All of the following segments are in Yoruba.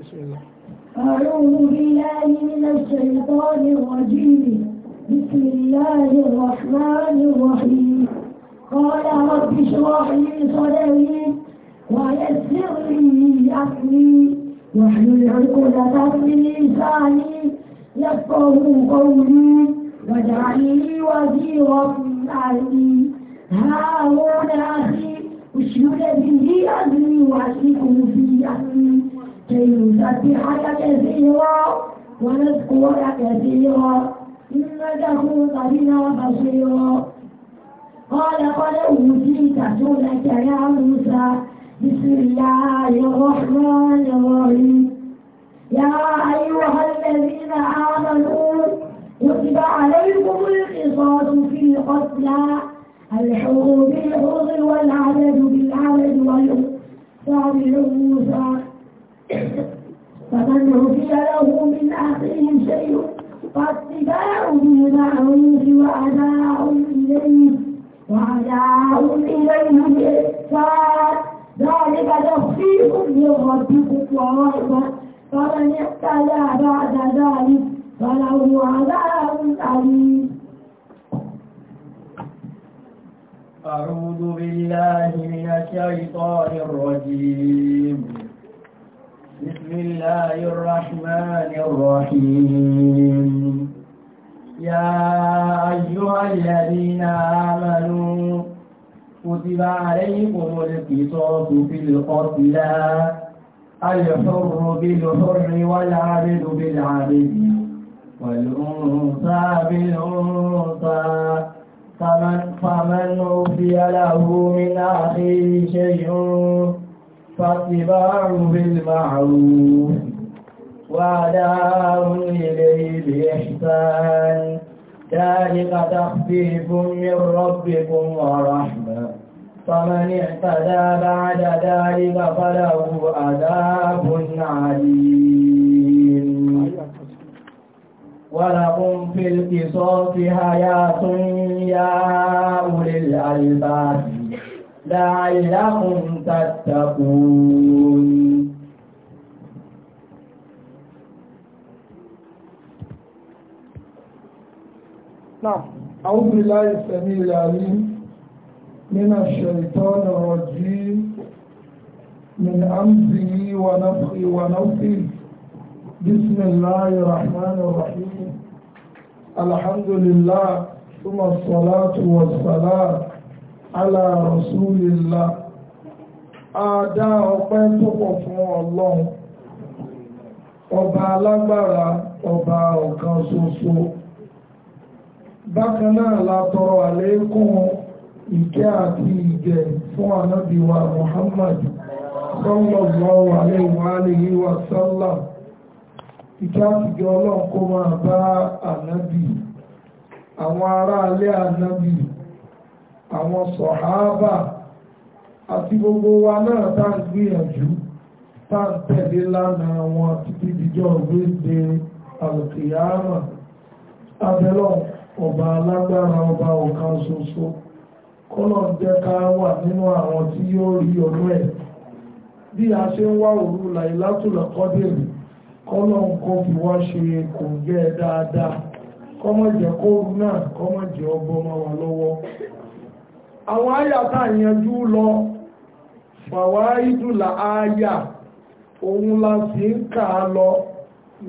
بسم الله أعوذ بالله من الشيطان الرجيم بسم الله الرحمن الرحيم قال رب اشرح لي صدري ويسر لي أمري واحلل عقدة من لساني يفقه قولي واجعل لي وزيرا من أهلي هارون أخي اشهد به أمري وأشركه في أمري كي نسبحك كثيرا ونذكرك كثيرا إنك كنت بنا بصيرا قال قد أوتيت سنك يا موسى بسم الله الرحمن الرحيم يا أيها الذين آمنوا كتب عليكم القصاص في القتلى الحر بالحر والعدد بالعدد والأنثى فاعملوا موسى فمن عفي له من أخيه شيء فاتباع بالمعروف وأداء إليه وأداء إليه بإحسان ذلك تخفيف من ربكم ورحمة فمن اعتدى بعد ذلك فله عذاب أليم أعوذ بالله من الشيطان الرجيم بسم الله الرحمن الرحيم يا أيها الذين آمنوا كتب عليكم القصاص في القتلى الحر بالحر والعبد بالعبد والأنثى بالأنثى فمن فمن أوفي له من أخيه شيء فاتباع بالمعروف وأداء إليه بإحسان ذلك تخفيف من ربكم ورحمة فمن اعتدى بعد ذلك فله عذاب عليم ولكم في القصاص حياة يا أولي الألباب لعلهم تتقون نعم أعوذ بالله السميع العليم من الشيطان الرجيم من أمزه ونفخه ونفخه بسم الله الرحمن الرحيم الحمد لله ثم الصلاة والسلام ala rasulillah àdá ọpẹ́ tó pọ̀ fún ọlọ́run ọba alágbára ọba ọ̀kan ṣoṣo bákan náà la tọrọ àlékún ìkẹ́ àti ìgẹ̀ fún anábìwa Muhammad sallallahu alayhi wa wa sallam ìkẹ́ àtìgẹ́ ọlọ́run kó máa bá ànábì àwọn ará alẹ́ ànábì àwọn sọ̀háábà àti gbogbo wa náà tá ń gbìyànjú tá ń tẹ̀lé lánàá wọn títí dijọ́ gbéde àlùkìyàmà abẹ́lọ́ ọba alágbára ọba ọ̀kan ṣoṣo kọ́lọ̀ jẹ́ ká wà nínú àwọn tí yóò rí ọdún ẹ̀ bí a ṣe ń wá òru làìlátùlọ̀ kọ́dẹ̀rì kọ́lọ̀ nǹkan fi wá ṣe kò jẹ́ dáadáa kọ́mọ̀jẹ̀ kóòrù náà kọ́mọ̀jẹ̀ ọgbọ́n máa wà lọ́wọ́ àwọn àyàtà yanjú lọ fàwáìdùlà àyà òun la sì ń kà á lọ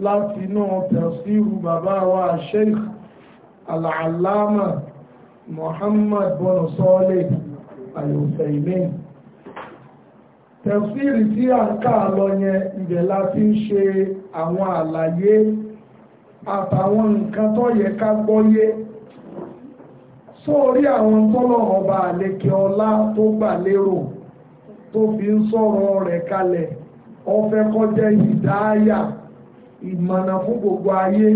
láti náà tẹ̀síru bàbá wa sheikh alàlámà Muhammad bọ́nà sọ́ọ́lẹ̀ àlùfẹ̀mẹ́ tẹ̀síri tí a ń kà á lọ yẹn ibẹ̀ la ti ń ṣe àwọn àlàyé àtàwọn nǹkan tó ká gbọ́yé sórí àwọn tọ́lọ̀ ọba àlekè ọlá tó gbà lérò tó fi ń sọ̀rọ̀ rẹ̀ kalẹ̀ ọfẹ́ kọjá ìdáyà ìmọ̀nà fún gbogbo ayé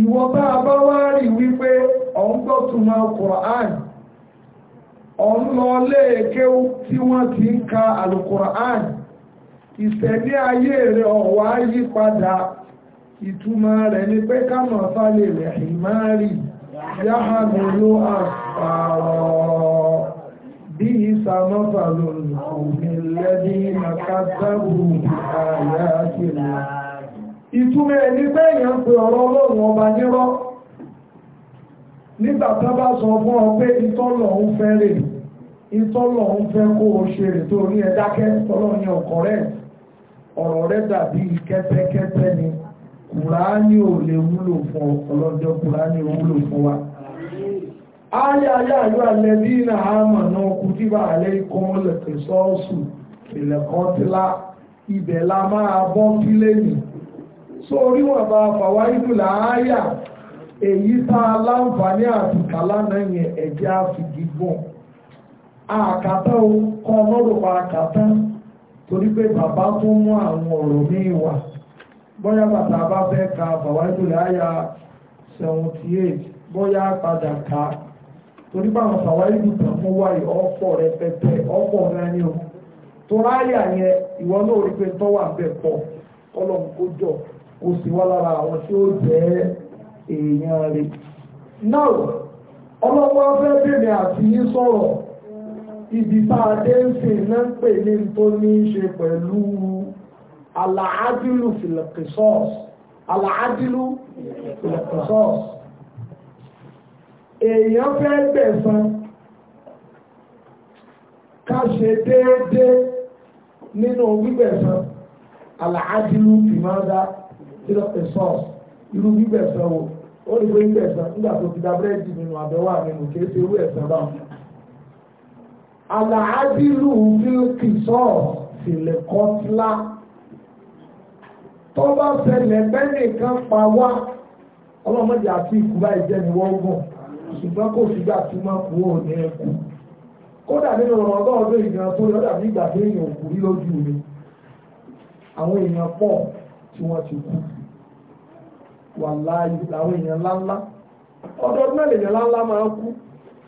ìwọ bá wá rí wípé ọ̀n gbọ́tùmọ̀ Qur'an ọ̀n lọ léèkéwú tí wọ́n ti ń ka ayé rẹ̀ ọ̀wá yípadà ìtumọ̀ rẹ̀ ni يحمل أسفارا بئس مثل القوم الذين كذبوا بآيات الله ìtumọ̀ ẹni bẹ́yàn pé ọ̀rọ̀ ọlọ́run ọba nírọ́ nígbà tó bá sọ fún ọ pé ìtọ́lọ̀ ń fẹ́ rè ìtọ́lọ̀ ń fẹ́ kó o ṣe rè tó ní ẹ̀dákẹ́ ọlọ́run yẹn ọkọ̀ ọ̀rọ̀ rẹ̀ dàbí kẹ́tẹ́kẹ́tẹ́ ni kùránì ò lè wúlò fún ọlọ́jọ́ kùránì ò wúlò fún wa. Aya ayé àyọ àlẹ́bí iná àmà náà kú tí bá àlẹ́ ikọ́ lẹ̀kẹ́ sọ́ọ̀sù ìlẹ̀kọ́ tílá ibẹ̀ la máa bọ́ sílé nì sórí wọn bá fàwa ìdúlà áyà èyí tá a láǹfààní àtìkà lánàá yẹn ẹ̀jẹ̀ àfìgígbọ̀n àkàtà kọ́ ọlọ́dọ̀pá àkàtà torí pé bàbá tó mú àwọn ọ̀rọ̀ míì wà bóyá bàtà bá fẹ́ ka fàwa ìdúlà áyà seventy eight bóyá padà ka torí báwọn fàwáìlì tàn mú wáyé ọ̀pọ̀ rẹpẹtẹ ọ̀pọ̀ rání o torí àyà yẹn ìwọ náà rí pé tọ́wà bẹ̀ pọ̀ ọlọ́run kó jọ kó sì wá lára àwọn tí ó jẹ́ èèyàn rẹ̀ náà ọlọ́wọ́ fẹ́ bèèrè àti yín sọ̀rọ̀ ibi tá a dé ń sìn náà ń pè ní tó ní í ṣe pẹ̀lú aláàdìlù fìlẹ̀kìsọ́ọ̀sì aláàdìlù fìlẹ̀kìsọ́ọ̀sì èèyàn fẹ́ gbẹ̀san ká déédé nínú gbígbẹ̀san àlàájìlú ìmọ̀ọ́dá zero pesos irú gbígbẹ̀san wo ó ní pé gbígbẹ̀san nígbà tó ti nínú àbẹ̀wò àmínú kìí ṣe irú ẹ̀san báwọn. àlàájìlú tó ṣùgbọ́n kò sígbà tí wọ́n kú ò ní ẹkú kódà nínú ọ̀rọ̀ ọgọ́ọ̀dọ́ ìgbìyàn tó yọ́dà bí ìgbà tí èèyàn kú rí lójú mi àwọn èèyàn pọ̀ tí wọ́n ti kú wà láàyè làwọn èèyàn ńláńlá ọ̀dọ̀ ọdún mẹ́lẹ̀ èèyàn ńláńlá máa ń kú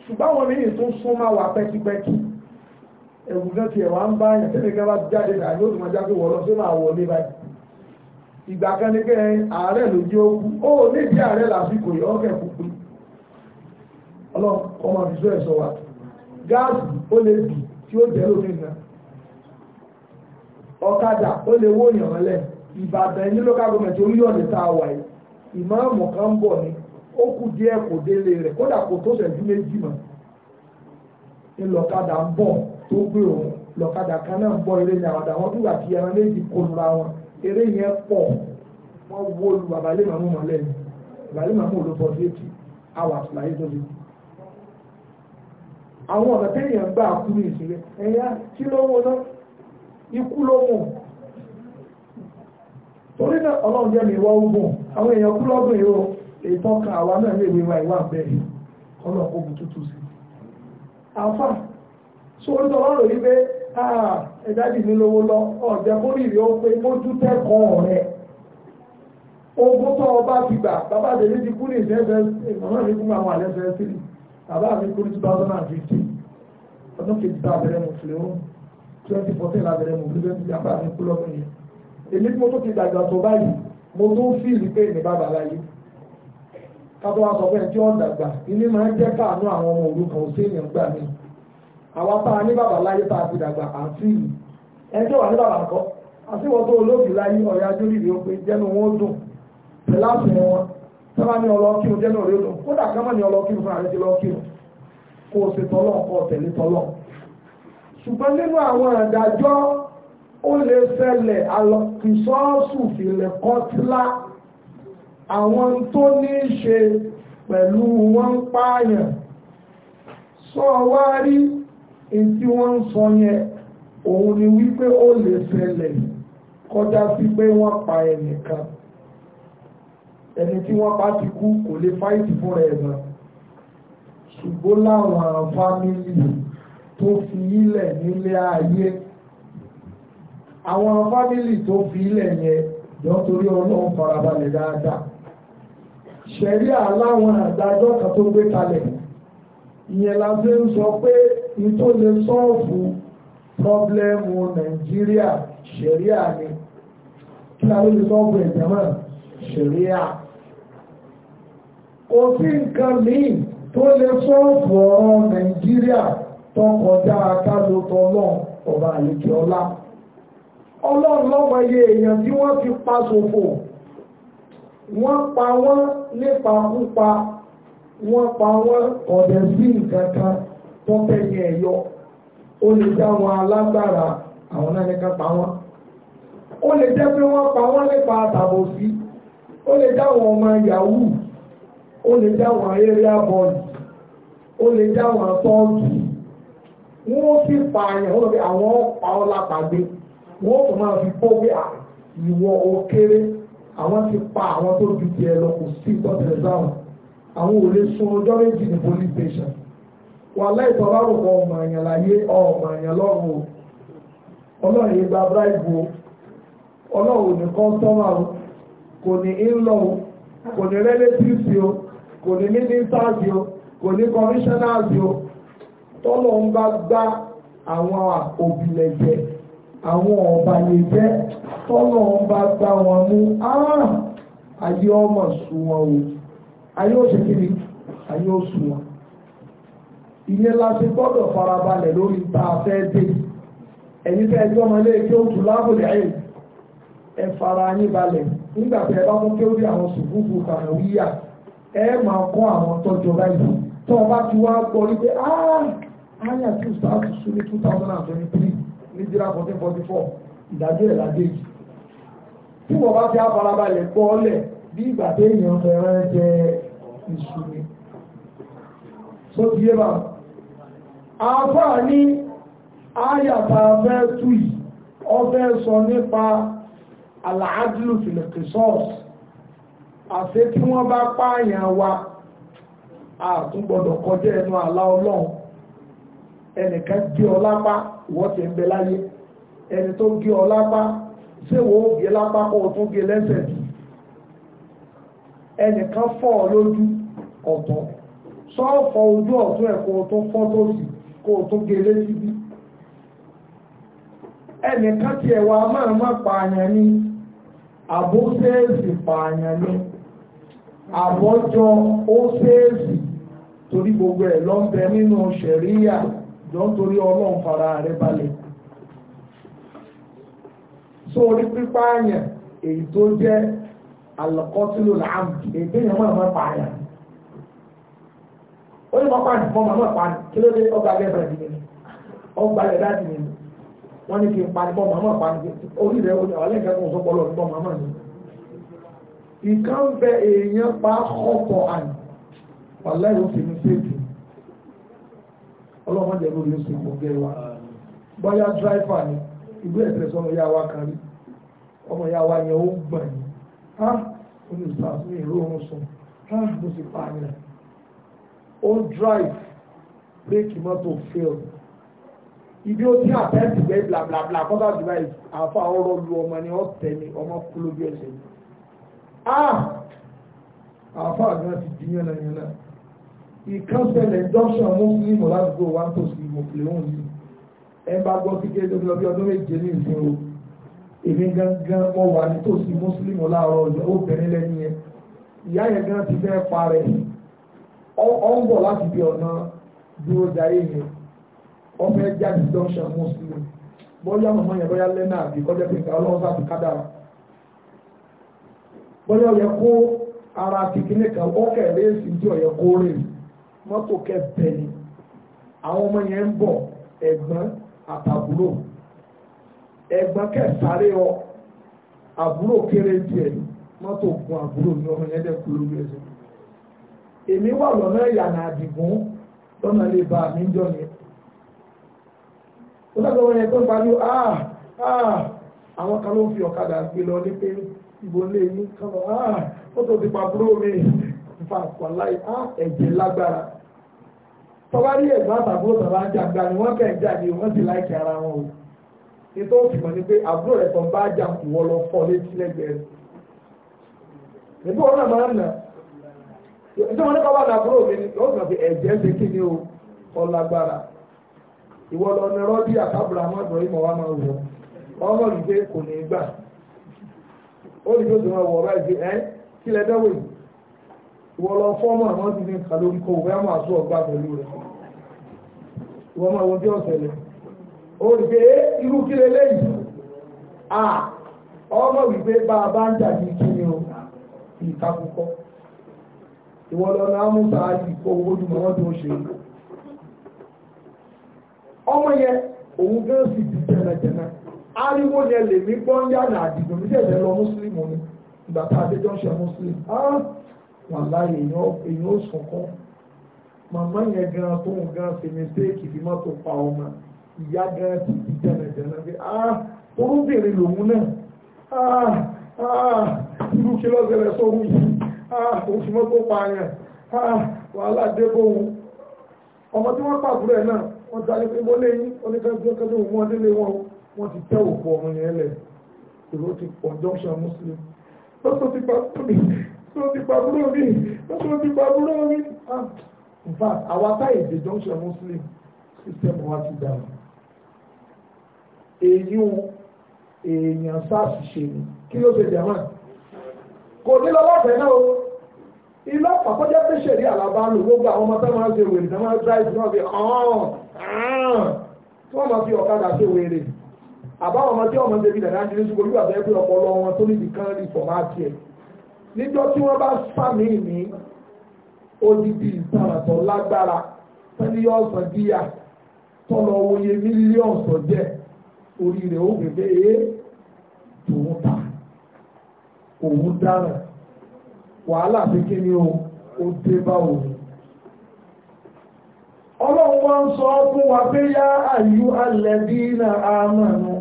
ṣùgbọ́n àwọn èèyàn tó sún máa wà pẹ́kípẹ́kí ẹ̀wù gan ti ẹ̀wà ń bá yàn tẹ́lẹ̀ gan bá jáde náà yóò tún máa jáde wọ̀ lọ sí máa wọlé báyìí ìgbà kan ní kẹ́ ààrẹ ló ó kú ó lè jẹ́ ààrẹ ọlọ́run ọmọ ìṣú ẹ̀ sọ wa gáàsì ó lè bì tí ó jẹ́ lómi gan ọ̀kadà ó lè wó yàn lẹ̀ ìbàdàn ní local government orí ọ̀dẹ̀ tá a wà yìí ìmáàmù kan ń bọ̀ ni ó kù díẹ̀ kò délé rẹ̀ kódà kò tó ṣẹ́jú méjì mọ́ ní lọ́kadà ń bọ̀ tó gbé òun lọ́kadà kan náà ń bọ̀ eré ní àwàdà wọn dùgbà tí ẹran méjì kọlura wọn eré yẹn pọ̀ wọ́n wó lu babalẹ́ màmú mọ́lẹ́ ni babalẹ́ màmú ò ló fọ́ sí ètò hours tó fi kú àwọn ọ̀nà tẹ́yìn gbà kú ní ìṣẹ̀lẹ̀ ẹ̀yà kí ló wọ́n náà ikú ló mú torí náà ọlọ́run jẹ́ mi wá ogun àwọn èèyàn kú lọ́gbìn yìí ó ìtọ́ka àwa náà lè wíwá ìwà bẹ́ẹ̀ kọ́lọ̀ ogun tuntun sí àfà so orí tọ́lá rò wípé ẹ̀dájì mi lówó lọ ọ̀jẹ̀ kó rí rí ó pé mójú tẹ́kọ̀ọ́ rẹ̀ ogun tó ọba ti gbà bàbá àdèlé ti kú ní ìṣẹ́fẹ́ ìmọ̀ràn mi kú àwọn àlẹ́fẹ́ sílì bàbá mi kú ní 2015 ọdún kejì tá abẹ́rẹ́ mùsùlùmí twenty fourteen abẹ́rẹ́ mùsùlùmí yàrá mi kú lọ́dún yìí èmi tí mo tó ti dàgbà tó báyìí mo tó ń fìlì pé ní bàbá láyé kátó wa sọ pé tí wọ́n dàgbà ilé máa ń jẹ́ káàánú àwọn ọmọ òru kan sí èèyàn gbà mí àwa tá a ní bàbá láyé tá a ti dàgbà à ń fìlì ẹni tí wà ní bàbá nǹkan àti wọ́n tó olóògbé láyé ọ̀yà ajúrìrì ó pé jẹ́nu wọn ó dùn pẹ̀lú àfihàn wọn sábà ní ọlọ́kírun jẹ́nu òrí ó dùn kódà kámọ́ ní ọlọ́kírun fún àrẹ́sí lọ́kírun kó o ṣe tọ́lọ́ kó o tẹ̀lé tọ́lọ́ ṣùgbọ́n nínú àwọn àdájọ́ ó lè ṣẹlẹ̀ àlọ́kìsọ́ọ̀sù fìlẹ̀ kọ́tílá àwọn tó ní í ṣe pẹ̀lú wọ́n ń pààyàn sọ wá rí tí wọ́n ń sọ yẹn òun ni wípé ó lè ṣẹlẹ̀ kọjá sí pé wọ́n pa ẹnìkan ẹni tí wọ́n bá ti kú kò lè fáìtì fúnra ẹ̀ náà ṣùgbọ́n láwọn fámìlì tó fi ilẹ̀ nílé ayé àwọn fámìlì tó fi ilẹ̀ yẹn jọ torí ọlọ́run farabalẹ̀ dáadáa ṣẹ̀rí àláwọn àdájọ́ kan tó gbé kalẹ̀ ìyẹn la fi ń sọ pé ìtò lè sọ́ọ̀fù pọ́blẹ́mù nàìjíríà ṣẹ̀rí àní kí la lè sọ́ọ̀fù ẹ̀jẹ̀ mọ́ ṣẹ̀rí à kò sí nǹkan míì tó lè sọ́ọ̀pù ọ̀rọ̀ nàìjíríà tó kọjá akálòtò ọlọ́run ọba àlejò ọlá ọlọ́run lọ́wọ́ iye èèyàn tí wọ́n fi pa ṣòfò wọ́n pa wọ́n nípa púpa wọ́n pa wọ́n ọ̀dẹ̀ sí nǹkan kan tó tẹ̀yìn ẹ̀yọ ó lè já wọn alágbára àwọn náà nìkan pa wọ́n ó lè jẹ́ pé wọ́n pa wọ́n nípa àtàbòsí ó lè já wọn ọmọ yahoo ó lè jáwọn area boys ó lè jáwọn tọ́ọ̀kì wọ́n sì pààyàn wọ́n lọ bí àwọn ọ̀pàá máa fi kó ìwọ òkèrè àwọn ti pa àwọn tó ju tiẹ̀ lọ kò sí ìtọ́tẹ̀lẹ̀ sáwọn àwọn ò lè sun ọjọ́ méjì ní police station wà láìpọ̀ lárúkọ ọmọ àyàn láyé ọmọ àyàn lọ́rùn o ọlọ́run yìí gba o ọlọ́run ò ní o kò ní o kò ní mínísítàsì o kò ní kọmíṣánnáàsì o tọ́lọ̀ ń bá gbá àwọn òbílẹ̀ jẹ àwọn ọ̀bàlẹ̀ jẹ tọ́lọ̀ ń bá gbá wọn mú ah! ayé ọmọ sù wọn o ayé òṣèkiri ayé òsù wọn ìyẹn la ṣe gbọ́dọ̀ farabalẹ̀ lórí ta fẹ́ dé ẹ̀yin fẹ́ ẹjọ́ ọmọ ilé kí ó tù lábòlẹ̀ ẹ fara yín balẹ̀ nígbà bá mú kí ó rí àwọn sùkúùkù kàwé yíyà ẹ máa kọ́ àwọn tọ́jọ́ báyìí tó o bá ti wá gbọ́ wípé áyà tí o sáà tún sún ní two thousand and twenty three ní zero fourteen forty four ìdájọ́ ẹ̀ lájẹ́ yìí tí wọ́n bá fi àfarabalẹ̀ gbọ́ ọ́lẹ̀ bí ìgbà téèyàn fẹ́ràn jẹ ìṣúni tó ti yé bá àfáà ní áyàtà fẹ́ tú yìí ọ fẹ́ sọ nípa àlàádìlù fìlẹ̀kìsọ́ọ̀sì àṣẹ tí wọ́n bá pààyàn wa àtúgbọ̀dọ̀ kọjá ẹnu àlá ọlọ́run ẹnìkan gé ọ lápá ìwọ ti ń bẹ láyé ẹni tó gé ọ lápá ṣé wo ó gé lápá kó o tún gé lẹ́sẹ̀ ẹnìkan fọ́ ọ lójú ọ̀tọ̀ sọ́ọ̀fọ̀ ojú ọ̀tún ẹ̀ kó tún fọ́ tó sì kó tún gé létí bí ẹnìkan tiẹ̀ wá máa má pààyàn ni àbó ṣéèṣì pààyàn ni àbọ́jọ ó fèèsì torí gbogbo ẹ̀ ló ń bẹ nínú ṣẹ̀ríyà jọ ń torí ọlọ́run fara rẹ balẹ̀ so orí pípáàyàn èyí tó jẹ́ alọ́kọ́tìlò làámù èyí tó yàn máa máa pààyàn ó ní máa pààyàn fún ọmọ máa pààyàn kí ló dé ọgbà lẹ́bẹ̀rẹ̀ dì nínú ọgbà lẹ́dá dì nínú wọ́n ní kí n pa ní bọ́ màmá pa ní orí rẹ̀ ó ní ọ̀lẹ́kẹ̀ẹ́ kó sọ́pọ̀ lọ́dún bọ́ màmá nínú ìkan bẹ èèyàn pa ọ̀pọ̀ àyè wàláì ó fi ní séèkì ọlọ́mọ jẹ́ lórí oṣù ìgbọ̀ngẹ́ wa bọ́yá dráìfà ni ìwé ẹ̀sẹ̀ sọ́nà yá wa kan rí ọmọ yá wa yẹn ó gbọ̀n yìí á olùsàfihàn ìró oorun sùn á mo sì pa àyàn ó dráìf bírèkì mọ́tò fail ibi ó ti àtẹ́ǹtì gbé blablabla kọ́tà jùlọ àfa ọ̀rọ̀ lu ọmọ ni ọ̀tẹ̀ ni ọmọ kú lójú ẹsẹ̀ yìí Ah! àfà àgbà ti di yànnàyànnà ìkánṣẹ́lẹ̀ junction muslim ládùúgbò wa tó sì mọ̀kìlẹ̀ òun yìí ẹ bá gbọ́ kíkẹ́ tó fi lọ bí ọdún méje ní ìsìn o èmi gangan mo wà nítòsí muslim láàárọ̀ ọjọ́ obìnrin lẹ́ni yẹn ìyá yẹn gan ti fẹ́ parẹ́ ọ ń bọ̀ láti bí ọ̀nà dúró jayé yẹn ọmọ ẹ jáde junction muslim bóyá mọ̀mọ́ yẹn bóyá lẹ́nà àbí kọjá pé ọlọ́run sábì kádàrà bóyá ọ̀yẹ́ kó ara kìkìnní kan ó kẹ̀lé èsì tí ọ̀yẹ́ kó rè mọ́tò kẹfẹ́ ni àwọn ọmọ yẹn ń bọ̀ ẹ̀gbọ́n àtàbúrò ẹ̀gbọ́n kẹsàárè ọ àbúrò kéré díẹ̀ mọ́tò gun àbúrò ní ọmọ yẹn lórí ẹsẹ̀ èmi wà lọ́nà ìyànà àdìgún lọ́nà lè ba àmì jọ ni ó dàgbà wọn yẹn ah ah àwọn kan ló ń fi ọ̀kadà gbé lọ ìbò lè ní kọ́nà ah, ó tó ti pa búrò mi fa àpàláì á ẹ̀jẹ̀ lágbára tọ́wárí ẹ̀gbọ́n àtàbúrò tàbá ń jà gbani wọ́n kẹ́ ń jà ní wọ́n sì láìkì ara wọn o ni pé àbúrò rẹ̀ tán bá jà wọ́n lọ fọ́ létí lẹ́gbẹ̀ẹ́ náà máa ń nà mi ni ó pé ẹ̀jẹ̀ ṣe kí ni o kọ́ lágbára lọ ní rọ́bì àtàbúrò àwọn ọ̀dọ́ ìmọ̀ wa máa wọ̀ ó rí lóṣù wọn wọ̀ ẹ́ kí lẹ dẹ́wò yìí wọ́n lọ fọ́ọ̀mù àwọn ti ní nǹkan lórí kó bẹ́ẹ̀ máa tó ọgbà pẹ̀lú rẹ̀ wọ́n máa wọ́n bí irú kí lẹ lẹ́yìn à ọmọ wípé bá a bá ń jà ní kí ni o ìtakùkọ ìwọ́n lọ náà kó owó ọmọ òun ti ariwo yẹn lè mí gbọ́ ń yànà àdìgbò ní ẹ̀fẹ́ lọ muslim ni ìgbà tá a dé jọ́ṣẹ́ muslim ah wàhálà èèyàn ó sọ̀kọ́ màmá yẹn gan tó ń gan ṣe mistake fi mọ́tò pa ọmọ ìyá gan ti di jẹnẹjẹnẹ bí ah orúbìnrin lòun náà ah ah irú kí lọ́sẹ̀rẹ̀ sóhun yìí ah oṣù mọ́tò pa yẹn ah wàhálà dé bóhun ọmọ tí wọ́n pàbúrẹ̀ náà wọ́n darí pé mo léyìn oníkanjú ọkọ̀ tó wọ́n délé wọn o wọ́n ti tẹ́ òkú ọmọ yẹn lẹ̀ èrò ti pọ̀ junction muslim lọ́sọ̀ ti pa búrò mi lọ́sọ̀ ti pa búrò mi lọ́sọ̀ ti pa búrò mi ah, in fact àwa táyé dé junction muslim system wa ti dà èyí èèyàn sars ṣe ni kí ló ṣe jẹ́ náà kò ní lọ lọ́fẹ̀ẹ́ náà o ilé àpapọ̀jẹ́ pé ṣèlú àlàbá lò gbogbo àwọn ọmọ táwọn máa ń ṣe wèrè táwọn máa ń drive náà fi hàn án tí wọ́n máa fi ọ̀kadà ṣe wèrè àbáwọn ọmọ tí ọmọ ń débi nàìjíríà ti ní sùkúrú yóò àbẹ́ pé ọpọlọ wọn tó níbi kan rí fọ̀máàtì ẹ̀ níjọ́ tí wọ́n bá sàmì ní odidi ìtàràtọ̀ lágbára tẹ́lẹ̀ ọ̀sán díyà tọ́lọ oyè mílíọ̀nù sọ jẹ́ orí rẹ̀ ó bèbè é tòun ta òun dáràn wàhálà pé kí ni o ó dé bá òun ọlọ́run wá ń sọ fún wa pé yá àyú alẹ́bí náà á mọ̀ nù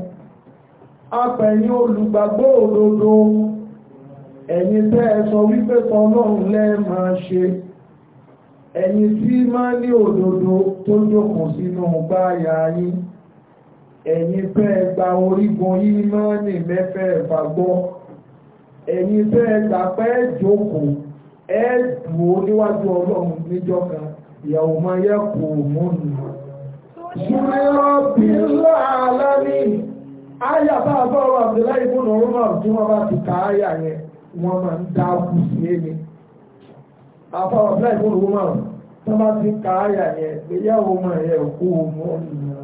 apẹ̀yìn olùgbàgbọ́ òdodo ẹ̀yin tẹ́ ẹ sọ wípé tọlọ́run lẹ́ máa ṣe ẹ̀yin tí máa ní òdodo tó jókòó sínú gbáyà yín ẹ̀yin tẹ́ ẹ gba orígun yín máa ní mẹ́fẹ̀ẹ̀fà gbọ́ ẹ̀yin tẹ́ ẹ gbà pé jókòó ẹ dùn níwájú ọlọ́run níjọ́ ìyàwó máa yẹ kò mọ́nù. Ṣùgbọ́n bí láàlá áyà bá a bá ọ̀rọ̀ Abdullahi ibùn tí wọ́n bá ti ka áyà yẹn wọ́n ma ń dá kù sí ẹni àfa Abdullahi ibùn Umar tí wọ́n ti ka áyà yẹn ìyàwó máa yẹ kú mọ́ ọ̀nà.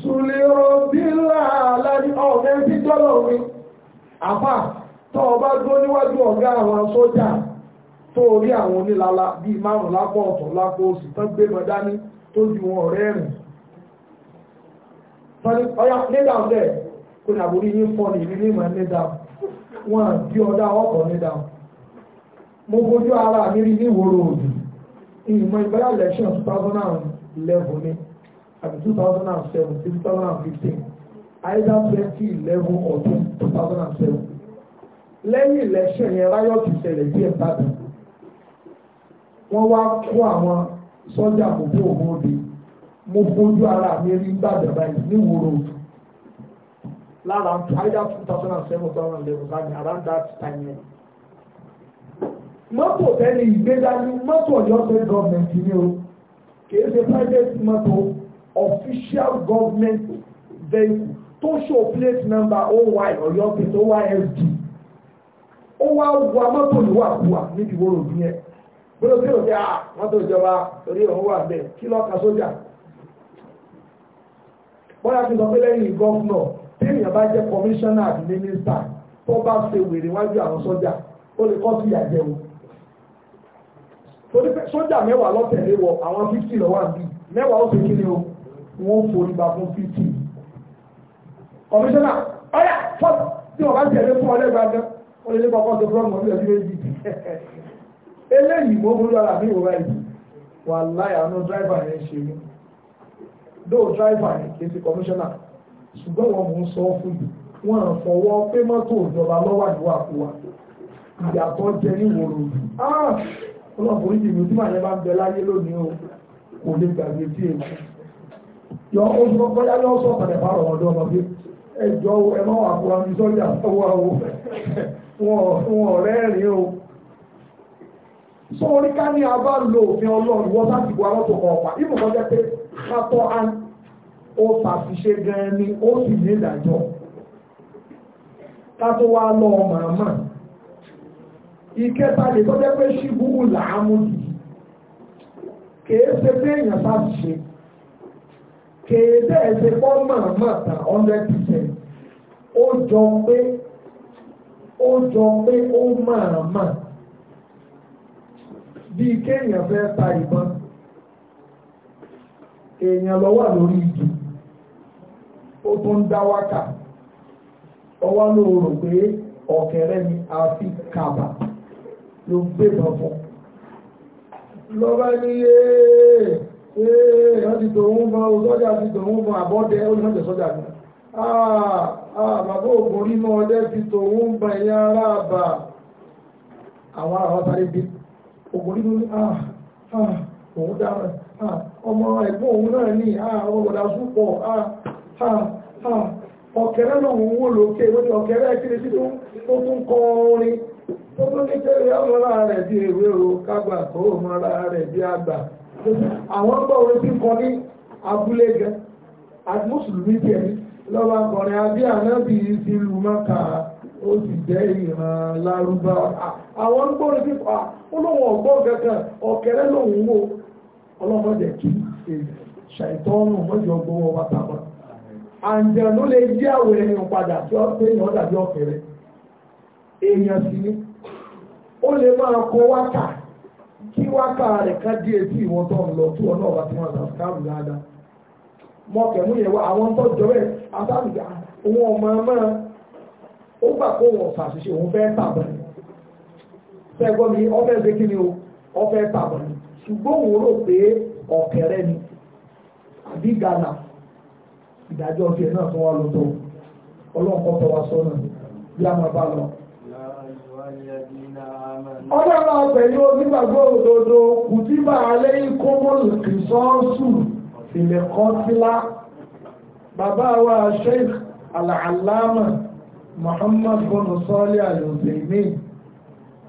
sùlẹ̀ ọ̀bílà aládé ọ̀gá ẹni tí tọ́lọ̀ mi àfa àwọn onílala bíi wọn ọ̀rẹ́ rìn. nígbà kó ní àbúrí yín fọ́ ní ìrírí ìmọ̀ ní dáhùn wọn bí ọ̀dá ọkọ̀ ní dáhùn mo fojú ara mi rí ní ìwòrò òdì ìmọ̀ ìbáyà election two thousand and eleven ní àbí two thousand and seven sí two thousand and fifteen either twenty eleven or two thousand and seven lẹ́yìn election yẹn ráyọ̀tì ṣẹlẹ̀ díẹ̀ bàdàn wọ́n wá kó àwọn sọ́jà kò fún òun òde mo fojú ara mi rí gbàdàbà yìí níwòrò òdì lára either two thousand and seven thousand and eleven tàbí around that time yẹn. mọ́tò tẹ́lẹ̀ ìgbéjáde mọ́tò ọ̀yọ́ state government ni o kìí ṣe private mọ́tò official government vehicle tó show plate number oy ọ̀yọ́ state oysd ó wá wá mọ́tò ìwàkuwà níbi wọ́rọ̀ bí yẹn gbọ́dọ̀ kí ló dé à ah, mọ́tò ìjọba orí òun wà bẹ́ẹ̀ kí lọ́ka sójà bọ́lá ti sọ pé lẹ́yìn gọ́fúnọ̀ téèyàn bá jẹ́ kọmíṣánná àti mínísítà tó bá ṣe wèrè wájú àwọn sọ́jà ó lè kọ́ sí ìyàjẹ̀wò torí pé sọ́jà mẹ́wàá lọ́tẹ̀lé wọ àwọn fífì lọ́wọ́ àbí mẹ́wàá ó ṣe kí ni o wọ́n forí ba fún fífì Commissioner, ọ̀yà fọ́ọ̀tù tí wọ́n bá tẹ̀lé fún ọlẹ́gbàgbẹ́ ó lè nípa kọ́sọ̀ fún ọmọ ìlú méjì eléyìí mo mú lọ́la ní ìwọ̀rá ìlú wà láyà ní dráìvà yẹn ṣe mú dóò dráìvà yẹn kì í sí commissioner ṣùgbọ́n wọn mò ń sọ fún yìí wọn à fọwọ́ pé mọ́tò ìjọba lọ́wọ́ ìwà àkúwà ìyàtọ̀ jẹ níwòrò yìí ah! ọlọ́pàá orí tí màá yẹn bá ń bẹ láyé lónìí o kò lè gbàgbé tí èyí yọ oṣù kọ́kọ́ yá lọ́wọ́ sọ padà bá ọ̀rọ̀ ọ̀dọ́ ọmọdé ẹjọ́ ẹ má wà kúra ní sọ́jà sọ́wọ́ o wọn ọ̀rẹ́ rìn o sọ orí ní abá lo òfin ọlọ́run wọ́n sá ti bu alọ́tò kan ọ̀pá ìmọ̀kọ́jẹ́ pé ká tọ́ àǹtí ó fàfiṣe gan ni ó sì ní ìdájọ́ ká wá lọ màmá ìkẹta lè tó jẹ́ pé ṣíbùú làámùdì kèé ṣe pé èèyàn fàfiṣe kèé bẹ́ẹ̀ ṣe pọ́ màmá tàn hundred percent ó jọ pé ó jọ pé ó màmá bí kéèyàn fẹ́ ta ìbọn èèyàn lọ wà lórí ìdùn ó tún dá wákà ọwá ló rò pé ọ̀kẹ́rẹ́ ni a fi kàbà ló gbé bọ̀ fún lọ́bá ní yéé wọ́n ti tòun bọ́ sọ́jà ti tòun bọ́ àbọ́dẹ olùsọ́jẹ̀ sọ́jà ní àbàbọ̀ ògùn rímọ̀ ọdẹ ti tòun bọ́ ẹ̀yà ara àbà àwọn àwọn sáré bí ní òun dára ọmọ ẹ̀gbọ́n òun náà ní ọ̀kẹ́rẹ́ náà wọ́n wó lókè lórí ọ̀kẹ́rẹ́ kiri sí tó tún kọ orin tó tún ní kéré rẹ̀ bí ewé o kágbà tó ara rẹ̀ bí àgbà àwọn gbọ́ orin tí kọ ní abúlé gan tiẹ̀ ní akọrin ànábì ti mọ́ta ó sì jẹ́ ìran lárúbá àwọn kọ olóhùn kankan ọlọ́mọdé àǹjẹ̀nú lè jẹ́ àwọ̀ èèyàn padà tí ó pé èèyàn dàbí ọ̀kẹ́rẹ́ èèyàn sì ó lè máa kó wákà kí wákà rẹ̀ ká dí etí ìwọ̀n tó ń lọ tí náà dáadáa yẹn wá àwọn tó jọ ẹ̀ àtàlùjá òun ọmọ ọmọ ó gbà kó wọn ṣàṣìṣe ni o ọ fẹ́ ni àbí ìdájọ́ tiẹ̀ náà tó wà lọ́tọ̀ ọlọ́run kọ́ tọ́ wa sọ́nà bí a máa bá lọ. ọjọ́ náà pẹ̀lú onígbàgbọ́ òdodo kùtìbà alẹ́ ìkómọ̀lù kìsọ́ọ̀sù ìlẹ̀ kọ́tílá bàbá wa sheikh alàlámà muhammad bọ́nù sọ́ọ́lì àlùzẹ̀mí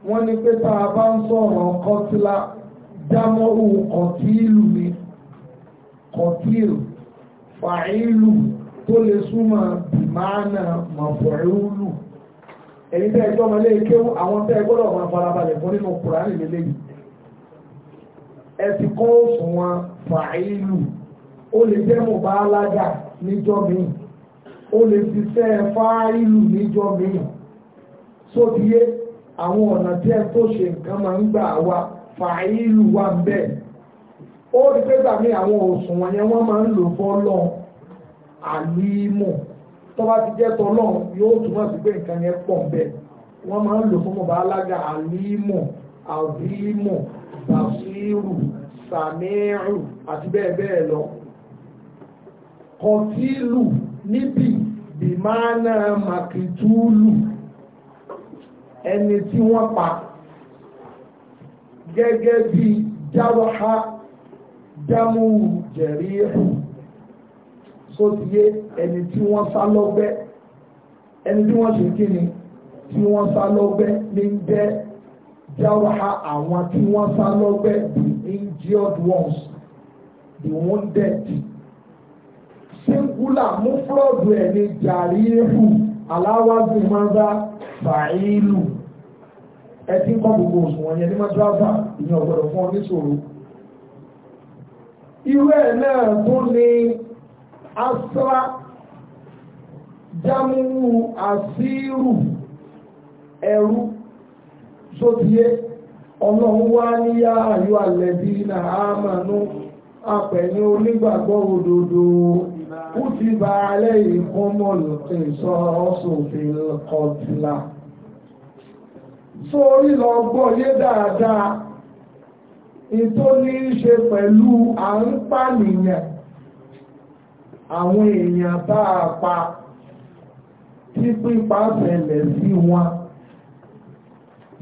wọ́n ní pé tá a bá ń sọ̀rọ̀ kọ́tílá jámọ́rù kọ̀tíìlù ni kọ̀tíìlù fàílù tó lè súnmọ́ bìmánà mọ̀fọ̀ẹ́lù ẹ̀yìn tẹ́ ẹjọ́ ọmọlé kéwú àwọn tẹ́ gbọ́dọ̀ wọn farabalẹ̀ fún nínú kùránì lélẹ̀ yìí ẹ̀sìn kọ́ òsùn wọn fàílù ó lè jẹ́ mọ̀ bá alága níjọ́ míì ó lè fi fẹ́ fáìlù níjọ́ míì sódìyé àwọn ọ̀nà tí ẹ tó ṣe nǹkan máa ń gbà wá fàílù wà ó rí pé gbàmí àwọn òṣùwọ̀n yẹn wọ́n máa ń lò fọ́lọ́ àlímọ̀ tó bá ti jẹ́ tọ́lọ́ yóò túmọ̀ sí pé nǹkan yẹn pọ̀ bẹ́ẹ̀ wọ́n máa ń lò fún ọba alága àlímọ̀ àlímọ̀ bàṣírù sàmírù àti bẹ́ẹ̀ bẹ́ẹ̀ lọ kọtílù níbi bìmánà màkìtúlù ẹni tí wọ́n pa gẹ́gẹ́ bí jáwọ́há dẹ́mú jẹ̀rí ẹ̀rù sótìyé ẹni tí wọ́n sá lọ́gbẹ́ ẹni tí wọ́n ṣe kí ni tí wọ́n sá lọ́gbẹ́ ní jẹ́ jáwáhá àwọn tí wọ́n sá lọ́gbẹ́ the injured ones the wounded singular mú fúlọ́ọ̀dù ẹ̀ ní jàrí ẹ̀rù aláwájú mọ́dá fàáìlù ẹ ti ń kọ́ gbogbo òṣùwọ̀n yẹn ní mọ́tíráfà ìyẹn ọ̀gbọ́dọ̀ fún ọ níṣòro irú ẹ̀ náà tún ni asra jámúwú Asiru ẹ̀rú sótíyé ọlọ́run níyà ayọ́ àlẹ́bí na àmànú apẹ̀ni onígbàgbọ́ òdodo ti bá ìsọ ọ̀sọ̀fẹ́ kọ̀tìlà sórí lọ gbọ́ yé dáadáa ìtò ní í ṣe pẹ̀lú à ń àwọn èèyàn tá a pa tí pípa ṣẹlẹ̀ sí wọn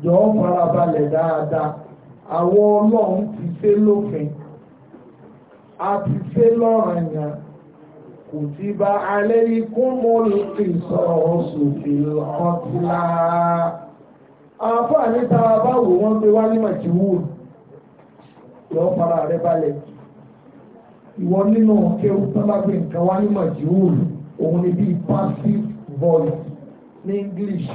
jọ̀ọ́ farabalẹ̀ dáadáa àwọn ọlọ́run ti ṣe lófin a ti ṣe lọ́ranyàn kò ti bá alẹ́ ikú mú lókè sọ̀rọ̀ sòfè ọ̀tìlá àfáà níta báwo wọ́n gbé wá ní màjíwúrù yọ para rẹ balẹ̀ ìwọ nínú kéwù tábàgbé nǹkan wá ní màjúwùrù òun ni bíi passive voice ní English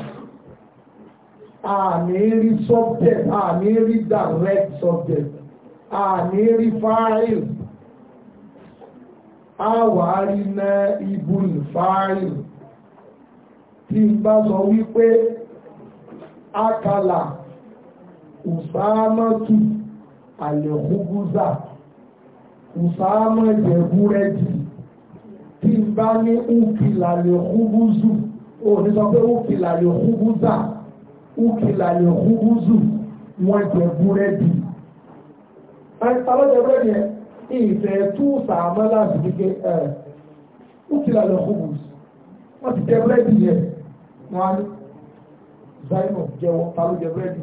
àmì rí subject àmì rí direct subject àmì rí fáìlì àwárí ná ibù fáìlì tí n bá sọ wípé akala òsáámátù àlẹ́kúgúzà kùsàámọ̀ ìjẹ̀bú rẹ́dì tí n bá ní ukìlà lẹ́kúgúzù ó ní sọ pé ukìlà lẹ́kúgúzà ukìlà lẹ́kúgúzù wọ́n jẹ̀bú rẹ́dì. alọ́jọ́ bẹ́ẹ̀ yẹn ìfẹ́ tú sàámọ́ láti kíkẹ́ ẹ̀ ukìlà lẹ́kúgúzù wọ́n ti jẹ búrẹ́dì yẹn wọ́n á ní zainab jẹ́wọ́ ta ló jẹ búrẹ́dì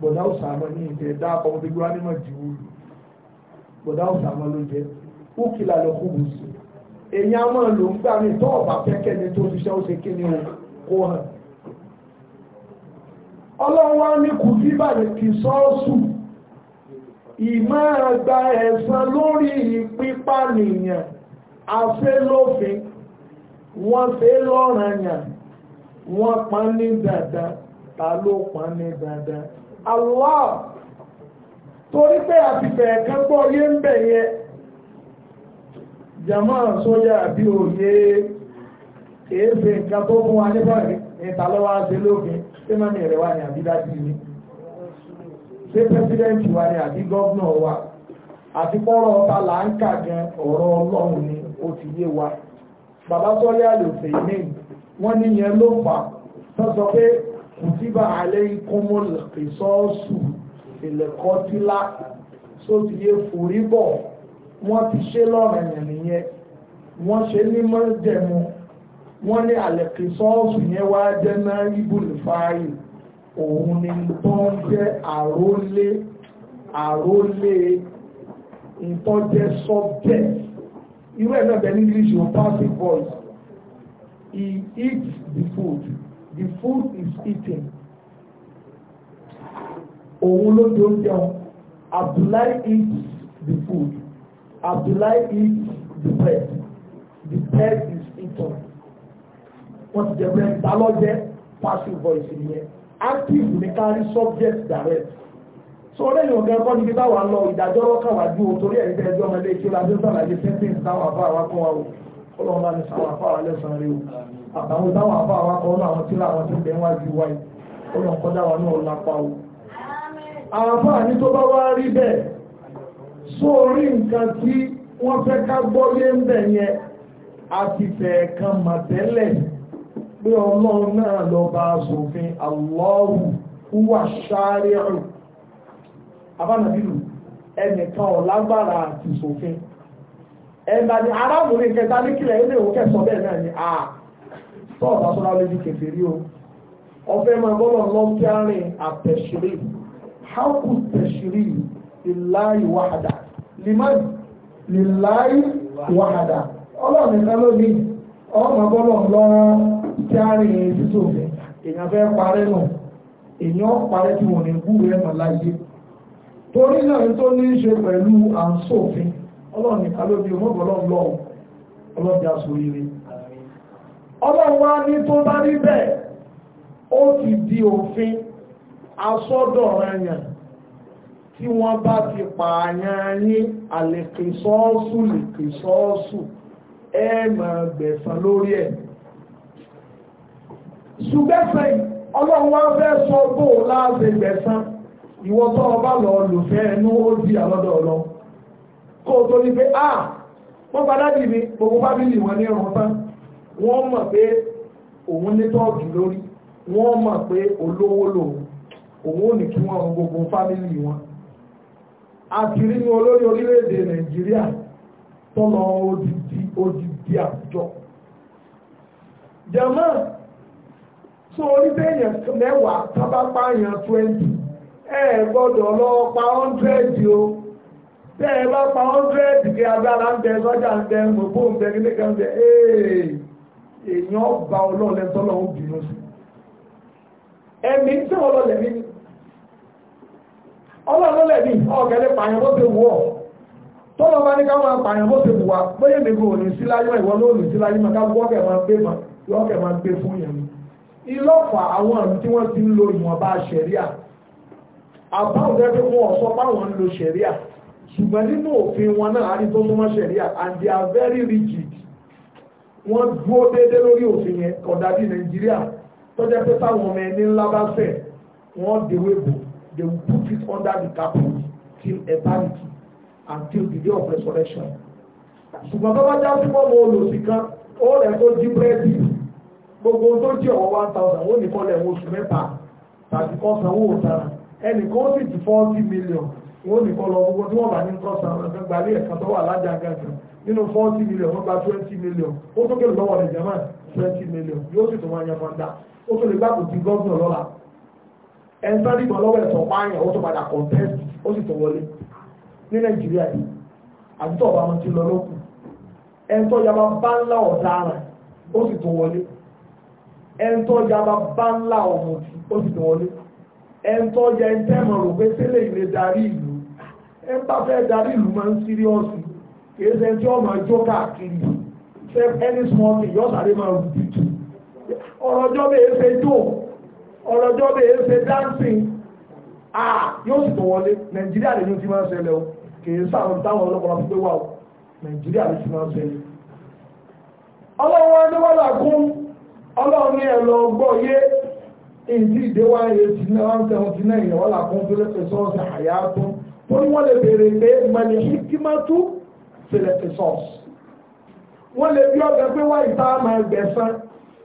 bọ̀dá ọ̀sàmọ́ ní ìjẹ́ dá ọmọ gbígbó ánímọ̀ bọ̀dá ọ̀sàmọ́ ló jẹ́ ó kìlà lọ kú èyí á máa lò ń gbà mí tọ́ ọ̀bà tó ó ṣe kí ni ní kù sí ìbàdàn wọ́n fẹ́ wọ́n ní ta ló Allah torí pé àfihàn ẹ̀kan pọ̀ yé ń bẹ̀ yẹ jama sóyà àbí òye kèéfè nǹkan tó fún wa nípa tí máa ní ẹ̀rẹ̀ ní àbídájí ni ṣé pẹ́sidẹ́ǹtì wa àbí wa àti pọ́rọ̀ là ń kà gan ni ó ti yé wa ní wọ́n ní yẹn ló kùtìbà alaykumul qisasu ìlẹ̀kọ́tílá sótìyé forí bọ̀ wọ́n ti ṣe lọ́rọ̀ ẹ̀yàn nìyẹn wọ́n ṣe ní mọ́jẹ̀mú wọ́n ní àlẹ̀kìsọ́ọ̀sù yẹn wá jẹ́ náà ibùdó fáyì òun ni tó ń jẹ́ àrólé àrólé ìtọ́jẹ́ subject irú ẹ̀ náà bẹ́ẹ̀ ní English o passive voice he eats the food the food is eaten òun ló jẹ oúnjẹ Abdullahi eats the food Abdullahi eats the bread the bread is eaten wọ́n ti jẹ bread ta jẹ passive voice nìyẹn active ní kárí subject direct sọ̀rọ̀ èyàn ọ̀gá ẹ̀kọ́ níbi táwà lọ ìdájọ́ ọlọ́kàwà ju torí ẹ̀rí ẹjọ́ ọmọdé ìṣẹ́lá tó sàlàyé sẹ́ńtẹ̀ǹsì táwà fáwà kọ́ wa o ọlọ́run bá ní sáwà fáwà lẹ́sàn-án rí o. àtàwọn táwọn àbá wa kọ́ láwọn tí láwọn ti bẹ̀ wáyé náà lápá o àwọn ní tó bá wá rí bẹ́ẹ̀ sórí nǹkan tí wọ́n fẹ́ ká ń bẹ̀ kan mà tẹ́lẹ̀ pé náà lọ bá sáré rù ẹnìkan àti ṣòfin ẹ̀bà arábìnrin kẹta ní kílẹ̀ tọ́ọ̀ bá sọ́ra lójú kẹfẹ́ rí o ọfẹ́ máa bọ́lọ̀ lọ́n kí á rìn àtẹ̀ṣírí hákù tẹ̀ṣírí ìláyì wàhádà limani ìláyì wàhádà ọlọ́run nìkan ló ní ọmọ bọ́lọ̀ lọ́rọ́ kí á rìn títò fẹ́ èèyàn fẹ́ parẹ́ nù èèyàn parẹ́ tí wọ́n ẹ̀ ọlọ́run wá ní tó bá rí bẹ́ẹ̀ ó ti di òfin asọ́dọ̀ ẹ̀yàn tí wọ́n bá ti pààyàn yín àlèkèsọ́ọ́sù lèkèsọ́ọ́sù ẹ máa gbẹ̀san lórí ẹ̀ ṣùgbẹ́sẹ̀ ọlọ́run wá fẹ́ sọ bóò láàṣẹ gbẹ̀san ìwọ tó ọba lọ lòfẹ́ ẹnu ó di àlọ́dọ̀ ọlọ́run kó o tó ní pé ah wọ́n padà dì mí gbogbo bábílì wọn ní ọ̀run tán wọ́n mọ̀ pé òun ní tọ́ọ̀kì lórí wọ́n mọ̀ pé olówó lòun òun ò ní kí wọ́n rún gbogbo fámílì wọn àtìrí ní olórí orílẹ̀-èdè nàìjíríà tọ́lọ odidi odidi àjọ jẹ́mọ́ tó orílẹ̀ èèyàn mẹ́wàá tábápá èèyàn twenty ẹ gbọ́dọ̀ lọ pa hundred o tẹ́ ẹ bá pa hundred kí agbára ń bẹ sọ́jà ń bẹ mọ̀gbó ń bẹ kíníkan ń bẹ ẹ́ẹ̀ èèyàn bá ọlọ́ọ̀lẹ́ tọ́lọ́ ń bínú sí ẹ̀mí tí ọlọ́ọ̀lẹ́ mi ni ọlọ́ọ̀lẹ́ mi ọ̀gẹ́lẹ́ pààyàn bó ṣe wù ọ́ tọ́lọ́ bá ní ká máa pààyàn bó ṣe wù wá bóyá mi kò ní sí láyé ìwọ ló ní sí láyé ká gbọ́ kẹ̀ máa gbé máa yọ kẹ̀ máa gbé fún yẹn ìlọ́fà àwọn àmì tí wọ́n ti ń lo ìwọ̀nba ṣẹ̀ríà àbáwọn ẹgbẹ́ fún ọ̀sọ́ báwọn ń lo ṣẹ̀ríà ṣùgbọ́n nínú òfin wọn náà a ní tó and they are very rigid wọ́n dúró déédéé lórí òfin yẹn kódà bí nàìjíríà tọ́jà pé táwọn ọmọ ẹni ńlá bá fẹ́ wọ́n dèwé bò they will put it under the carpet till eternity until the day of resurrection. ṣùgbọ́n bá bá já sí mọ́ mo lò sí kan ó rẹ̀ tó jí búrẹ́dì gbogbo tó jí ọ̀wọ́ one thousand ó nìkan lẹ̀ wọ oṣù mẹ́ta tàbí kọ́ sanwó òtara ẹnìkan ó sì ju forty million wọ́n nìkan lọ gbogbo tí wọ́n bá ní kọ́ sanwó ẹ̀ka gbalẹ̀ ẹ̀ka tó wà lájà gàgàn nínú forty million wọ́n gba twenty million ó tó kéde lọ́wọ́ rẹ̀ jẹ́mọ́ twenty million yóò sì tún wọ́n yan fọ́ńdà ó tó lè gbàgbọ́ ti gọ́ọ̀nù lọ́la ẹni tó dìbò lọ́wọ́ ẹ̀sọ́ pààyàn ó tó padà contest ó sì tó wọlé ní nàìjíríà yìí àti tó ọba wọn ti lọ lókù ẹni yaba bá ńlá ọ̀daràn ó sì tó wọlé ẹni yaba bá ńlá ọ̀mùtí ó sì tó wọlé ẹni tó yẹ ẹni tẹ́ mọ̀ rò pé tẹ́lẹ̀ ìlẹ̀ kìí ṣe tí ọmọ ẹjọ́ káàkiri ṣe any small thing yọ sáré máa rù bìtù ọ̀rọ̀jọ́ bẹ́ẹ̀ ṣe jò ọ̀rọ̀jọ́ bẹ́ẹ̀ ṣe dancing ah yóò sì tó wọlé nàìjíríà lè ní ti máa ń ṣẹlẹ̀ o kìí sáwọn táwọn ọlọ́pàá fi pé wà o nàìjíríà lè ti máa ń ṣẹlẹ̀ ọlọ́run adéwọ́lá kún ọlọ́run ní ẹ̀lọ ọgbọ́ yé ìdí ìdé wá ètì náà ń tẹ̀wọ́n ti náà ìyẹ̀wọ́lá kún tó lẹ́sẹ̀ sọ́ọ̀sẹ̀ àyà tó tó ní wọ́n lè béèrè pé mọ̀lẹ́ hikimatu tẹlẹtẹ sọ́ọ̀sì wọ́n lè bí ọ̀gá pé wá ìta àmà ẹgbẹ̀sán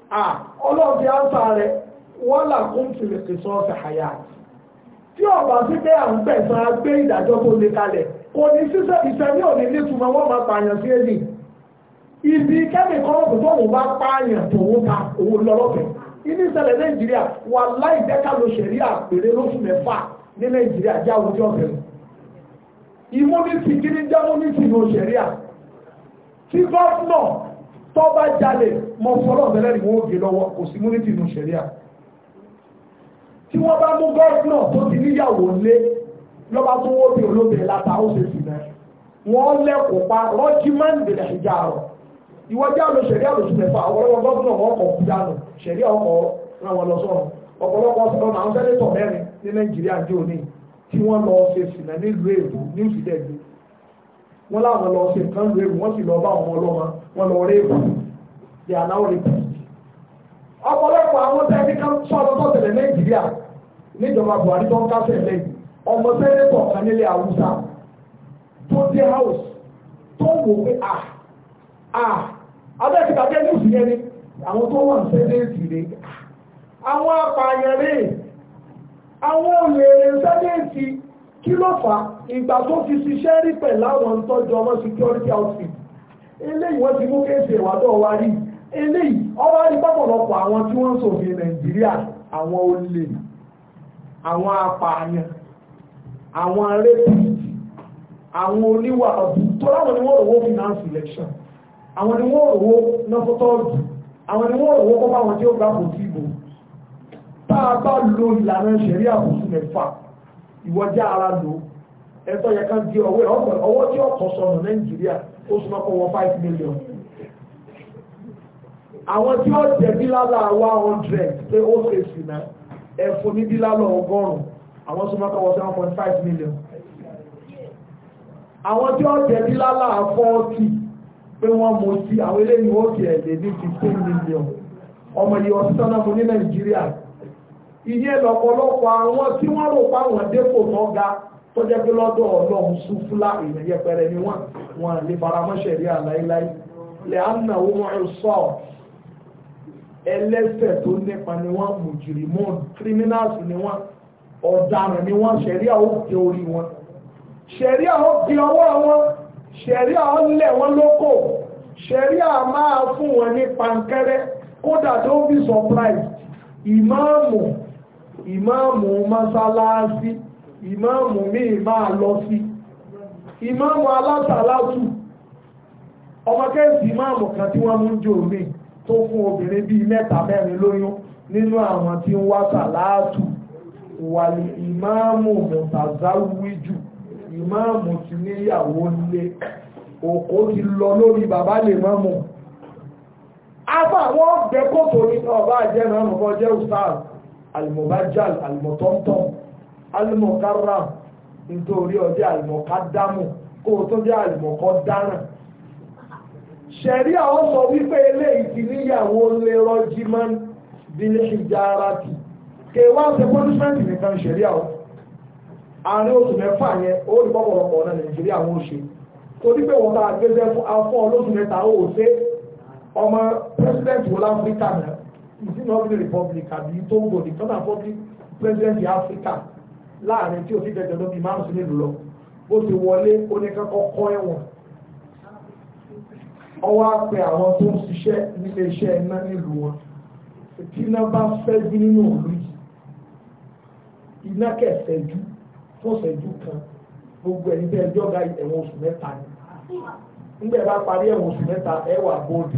à ọlọ́run ti áńsà rẹ̀ wọ́n là kún tẹlẹtẹ sọ́ọ̀sì àyà tí ọ̀bà sí pé à ń bẹ̀sán gbé ìdájọ́ tó le kalẹ̀ kò ní sísẹ́ ìṣẹ́ ní òní nítumọ̀ wọ́n máa pààyàn sí èlì ibi kẹ́míkọ́ lọ́pọ̀ tó wọ́n bá pààyàn tòun ta òun lọ́lọ́fẹ̀ẹ́ inú ìṣẹ̀lẹ̀ nàìjíríà wà láì dẹ́ka lo ṣẹ̀rí àpèrè lóṣù mẹ́fà ní nàìjíríà jáwùjọ́ bẹ̀rẹ̀ immunity kí ní jẹ́ immunity ní òṣèríà tí gọ́ọ̀nà tó bá jalè mọ́ fọ́lọ́ bẹ̀rẹ̀ ni wọ́n gé lọ́wọ́ kò sí immunity ní òṣèríà tí wọ́n bá mú gọ́ọ̀nà tó ti níyàwó lé lọ́ba tó wó bí olóbe láta ó ṣe sìnà wọ́n lẹ́kùn pa rọ́jí máa ń bèèrè ìjà rọ̀ ìwọ́jà lọ ṣẹ̀ríà lóṣù mẹ́fà ọ̀pọ̀lọpọ̀ gọ́ọ̀nà wọn kọ̀ kú dànù ṣẹ̀ríà ọkọ̀ ràn wọn lọ sọ́run ọ̀pọ̀lọpọ̀ ọ̀sán àwọn sẹ́lẹ̀tọ̀ mẹ́rin ní Nàìjíríà jẹ́ òní tí wọ́n lọ ṣe sìnà nílùú èbú ní ìfìdẹ́gbẹ́ wọ́n láwọn lọ ṣe kan lu èbú wọ́n sì lọ bá ọmọ ọlọ́mọ wọ́n lọ rí èbú they are now rapist. ọ̀pọ̀lọpọ̀ àwọn technical sọ̀rọ̀ tó tẹ̀lé nàìjíríà níjọba buhari tó ń kásẹ̀ lẹ́yìn ọmọ sẹ́nẹ́tọ̀ kan nílẹ̀ haúsá tó dé house tó ń wò pé ah ah abẹ́ẹ̀kìtàkẹ́ ní ìfìyẹn ni àwọn tó wà ń sẹ́nẹ́tì rè ah, àwọn apààyàn rèé àwọn olè sẹ́lẹ̀ǹtì kí ló fà ìgbà tó fi ṣiṣẹ́ rí pẹ̀ láwọn tọ́jú ọmọ security outfit eléyìí wọ́n ti mú kéèsì ìwádọ́ wa rí eléyìí ọwọ́ rí pọ̀pọ̀lọpọ̀ àwọn tí wọ́n ń ṣòfin nàìjíríà àwọn olè àwọn apààyàn àwọn arẹ́pìtì àwọn oníwà ọ̀dùn tó láwọn ni wọ́n rò wó finance election àwọn ni wọ́n rò wó nọ́fọ́tọ́ọ̀dù àwọn ni wọ́n rò wó kọ́ bá wọn tí ó gbà kò tí ìbò tá a bá lo ìlànà ṣẹ̀rí àbùsùn mẹ́fà ìwọ́jà ara lò ẹ̀tọ́ yẹ ká di ọwọ́ ọ̀pọ̀ ọwọ́ tí ọkọ̀ sọnù nàìjíríà ó súnmọ́ kọ́ wọ five million. àwọn tí ó jẹ̀bi lálẹ́ one hundred pé ó fèsì náà ẹ̀fọ́ níbi lálẹ́ ọgọ́rùn-ún àwọn súnmọ́ kọ́ wọ seven point five million. àwọn tí ó jẹ̀bi lálẹ́ forty pé wọ́n mọ̀ sí àwọn eléyìí ó ti ẹ̀dẹ̀ ní fifteen million ọmọ yìí ọ̀sán náà mo ní nàìjíríà ìyẹn lọ́pọ̀lọpọ̀ àwọn tí wọ́n rò páwọn dépò tó ga tó jẹ́ pé lọ́dọ̀ ọlọ́run súfúlá èèyàn yẹpẹrẹ ni wọ́n wọn lè faramọ́ṣẹ̀ rí àláíláí lè àmà owó ẹ̀sọ́ ẹlẹ́sẹ̀ tó nípa ni wọ́n mùjìrì mọ́ criminals ni wọ́n ọ̀daràn ni wọ́n ṣẹ̀ríà ó gé orí wọn ṣẹ̀ríà ó gé ọwọ́ wọn ṣẹ̀ríà ó lẹ̀ wọn lóko ṣẹ̀ríà máa fún wọn ní pankẹ́rẹ́ kódà tó bí surprise ìmáàmù ìmáàmù mọ́sálásí ìmáàmù míì máa lọ sí ìmáàmù alátàlátù ọmọ kẹ́sì ìmáàmù kan tí wọ́n mú jò míì tó fún obìnrin bíi mẹ́ta mẹ́rin lóyún nínú àwọn tí ń wá sàlátù wàlì ìmáàmù mọ̀tàzáwíjù ìmáàmù ti níyàwó lé òkó ti lọ lórí bàbá lè mọ́mù afáwọn ọgbẹ́ kòtò ní ọba àjẹ́ mọ́mù kọjẹ́ ustaz alimobajal alimotọ́ntọ́n alimokaram nítorí ọjọ́ alimokadamu kó o tó jẹ́ alimokọ́dáràn ṣẹ̀rí àwọn sọ wípé eléyìí ti níyàwó lè rọjí máa ń bílé ìjárati kè wá ṣe pọ́nísẹ́ǹtì nìkan ṣẹ̀rí àwọn àárín oṣù mẹ́fà yẹn ó rí pọ́pọ̀lọpọ̀ ọ̀nà nàìjíríà wọn ó ṣe torí pé wọn bá gbéṣẹ́ fún afọ́ olóṣù mẹ́ta ó ṣe ọmọ pẹ́sidẹ́ǹtì wọn láfíríkà náà is it not the republic àbí Togo the southern public president of Africa láàrin tí o ti dẹ̀dẹ̀ lóbi márùn sí nílùú lọ bó ti wọlé oníkẹ́kọ̀ọ́ kọ́ ẹ̀wọ̀n ọwọ́ àpẹ àwọn tó ń ṣiṣẹ́ nílé iṣẹ́ iná nílùú wọn tí iná bá fẹ́ jú nínú òlú yìí iná kẹsẹ̀ jú fún ṣẹ́jú kan gbogbo ẹni bẹ́ẹ̀ jọ́gà ẹ̀wọ̀n oṣù mẹ́ta ni nígbà bá parí ẹ̀wọ̀n oṣù mẹ́ta ẹ̀wà bóòdì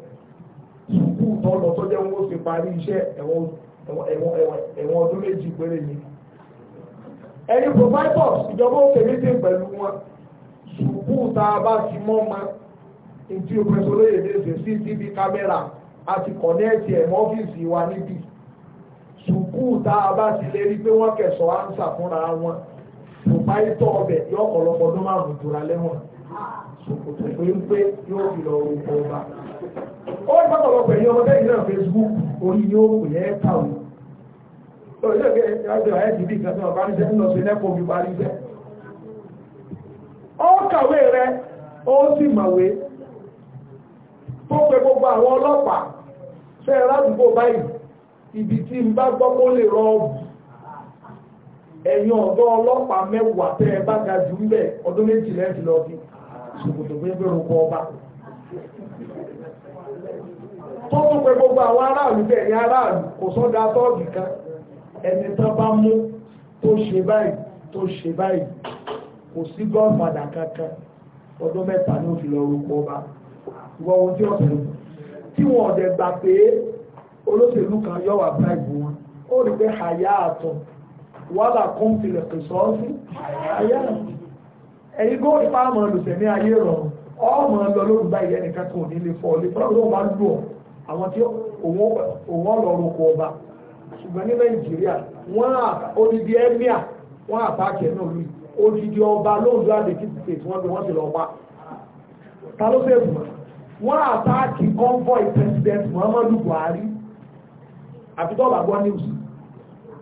tó lọ tó jẹ́ wọn ó fi parí iṣẹ́ ẹ̀wọ̀n ọdún méjì péré ni ẹ̀yin providers ìjọba ó tẹ̀lé pẹ̀lú wọn sùkúù tá bá ti mọ́ ma ìdí òpẹ́sọ lóye léṣe CCTV camera. àti kọ̀nẹ́ẹ̀tì ẹ̀mọ́ ọ́fíìsì wa níbi sùkúù tá a bá ti lè rí pé wọ́n kẹsọ̀ ánsà fúnra wọn providor ọbẹ̀ yọ ọ̀pọ̀lọpọ̀ ọdún márùn-ún jura lẹ́wọ̀n sòkòtò pé ń pé yóò fi lọ orúkọ ọba. ó wá gbọ́dọ̀ pẹ̀lú ọmọ bẹ́ẹ̀ náà Facebook orí yóò kù yẹ́ ká o. Olóògbé ẹgbẹ́ ọ̀hẹ́ ti bí ìgbà tó ọ̀bá níṣẹ́ ńlọ sí lẹ́kọ̀ọ́ mi bá níṣẹ́. Ó kàwé rẹ̀ ó ọ̀dọ́ ọlọ́pàá mẹ́wàá bá ń bẹ̀ ọdún ṣòkòtò ọba tó tún pé gbogbo àwọn aráàlú bẹ́ẹ̀ ni aráàlú kò sọ́dọ̀ atọ́ọ̀gì kan ẹni tán bá mú tó ṣe báyìí tó ṣe báyìí kò sí gọ́ọ̀fàdà kankan ọdún mẹ́ta ní òfin lọ rúkọ ọba ìwọ ohun tí ọ̀sẹ̀ tí wọn ọ̀dẹ̀ gbà pé olóṣèlú kan yọ wà báyìí wọn ó rí pé àyà àtọ̀ wàhálà kún tilẹ̀ pè sọ́ọ́sì àyà àtọ̀ ẹ̀yin góòlù pàmò lùsẹ̀ ní ayé rọrùn ọmọ lọ lórúkọ ìyẹn nìkan kan ò ní lè fọ́ ọ lè fọ́ ọ lọ́wọ́ bá lù ọ́ àwọn tí òun ọlọ́run kọ ọba ṣùgbọ́n ní nàìjíríà wọ́n odidi emir wọ́n àtàkì ẹ̀nà lórí odidi ọba lóòdó àdèkì state wọ́n bí wọ́n ti lọ pa ta ló fẹ́ bùn wọ́n àtàkì convoy president muhammadu buhari àbítọ́bà gbọ́ news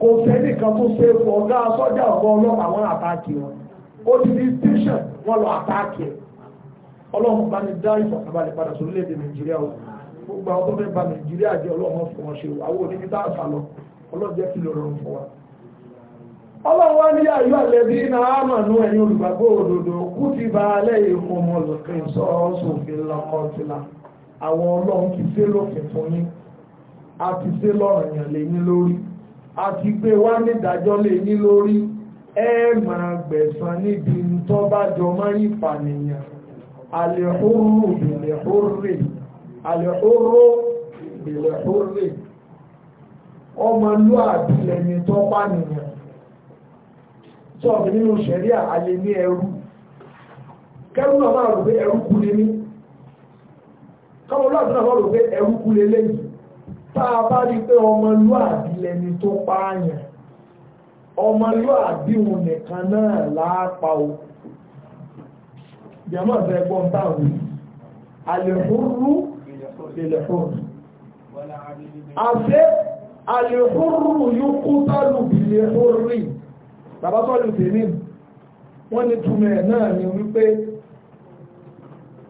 kò sẹ́ni kan tó ṣe fún ọ̀gá sọ́jà ọ̀gá ọlọ́pàá wọ́n àtàkì wọn odidi station wọ́n lọ àtàkì ẹ̀ ọlọ́run bá ní dárí fọ̀kàbalẹ̀ padà sórílẹ̀-èdè nàìjíríà ọ̀hún gbogbo àwọn tó fẹ́ nàìjíríà jẹ́ ọlọ́run fún wọn ṣe àwọn oníbi lọ ọlọ́run jẹ́ kí rọrùn fún wa. ní ayọ́ àlẹ́bí iná olùgbàgbọ́ ti ba alẹ́ lọ́kẹ́ lọ́kọ́tìlá àwọn ọlọ́run ti fún yín a ti lọ́rùn yàn lé yín lórí àlẹ́hóró ìlẹ̀hórè ọmọlúàbí lẹ́ni tó pànìyàn sọ́ọ̀bì nínú ṣẹ̀rí àlè ní ẹrú kẹrù náà máa rò pé ẹrú kú lé ní kọmọlúàbí náà máa rò pé ẹrú kú lé lẹ́yìn tá a bá rí pé ọmọlúàbí lẹ́ni tó pààyàn ọmọlúàbí òun nìkan náà láàpá o jẹ́mọ̀ ọ̀sẹ̀ ẹgbọ́n táwọn àlẹ́hóró lèlẹ̀hùn àṣẹ àlèhùrù yóò kú tálù bí lèhùrì tàbátọ́lù tèmi wọ́n ní túnmẹ̀ náà ni wípé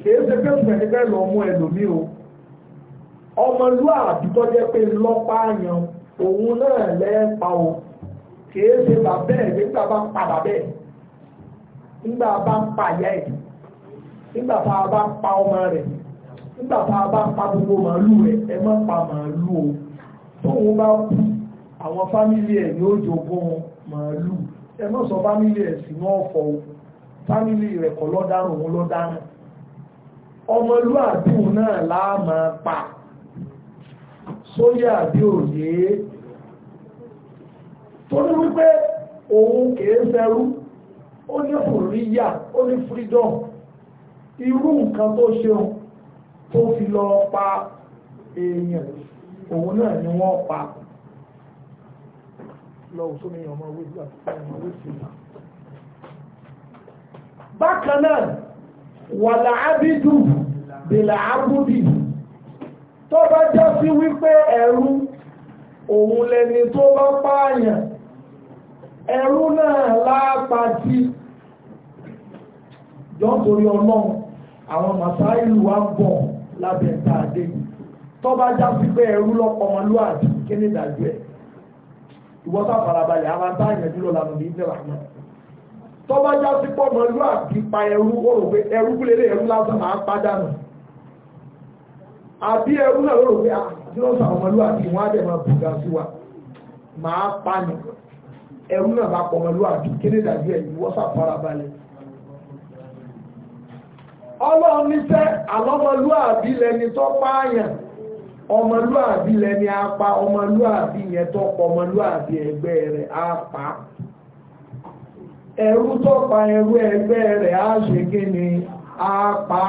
kìí ṣe pé túnmẹ̀ nígbà ìlọ ọmọ ẹlòmí o ọmọlúàbí tó jẹ́ pé lọ́pàáyàn òun náà lẹ́ẹ̀pa o kìí ṣe bàbẹ́ ẹ̀ nígbà bá padà bẹ́ẹ̀ nígbà nígbà tá a bá pa gbogbo màálù rẹ̀ ẹ má pa màálù o tóun bá kú àwọn fámìlì ẹ̀ ni ó jogún màálù ẹ má sọ fámìlì ẹ̀ sínú ọ̀fọ̀ o fámìlì rẹ̀ kọ́ lọ́dáràn òun lọ́dáràn ọmọlúàbí òun náà láà máa pa sóyè àbí òye torí wípé òun kìí fẹ́rú ó ní òríyà ó ní freedom irú nǹkan tó ṣeun tó fi lọ pa èèyàn òun náà ni wọ́n pa lọ́wọ́ sómi ọmọ wíwá ọmọ wíwá bákan náà wà láàbídù bèlà ábúdì tó bá jọ sí wípé ẹ̀rú òun lẹni tó bá pààyàn ẹ̀rú náà lápàtí jọ́ torí ọlọ́run àwọn màsáìlú wa ń bọ̀ lábẹ́ ẹ̀ka àdé yìí tó bá já sí pé ẹrú lọ́pọ̀ ọmọlúwàbí kí ni ìdájọ́ ẹ̀ ìwọ́n tá farabalẹ̀ àwọn tá ìyẹ̀dú lọ́la nù ní ìfẹ́ ràmọ́ tó bá já sí pé ọmọlúwàbí pa ẹrú ó rò pé ẹrú kúlélé ẹrú lásán máa ń padà nù àbí ẹrú náà lórò pé àdínọ́sà ah, ọmọlúwàbí wọn á dẹ̀ máa bùgà sí wa máa pa ni ẹrú náà bá pọ̀ ọmọlúwàbí kí ni ìdájọ́ ẹ̀ ìwọ́n ọlọ́run níṣẹ́ àlọ́mọlúàbí lẹni tó pààyàn ọmọlúàbí lẹni apá ọmọlúàbí yẹn tó pọ̀ ọmọlúàbí ẹgbẹ́ rẹ̀ apá ẹrú tó pa ẹrú ẹgbẹ́ rẹ̀ á ṣe kí ni apá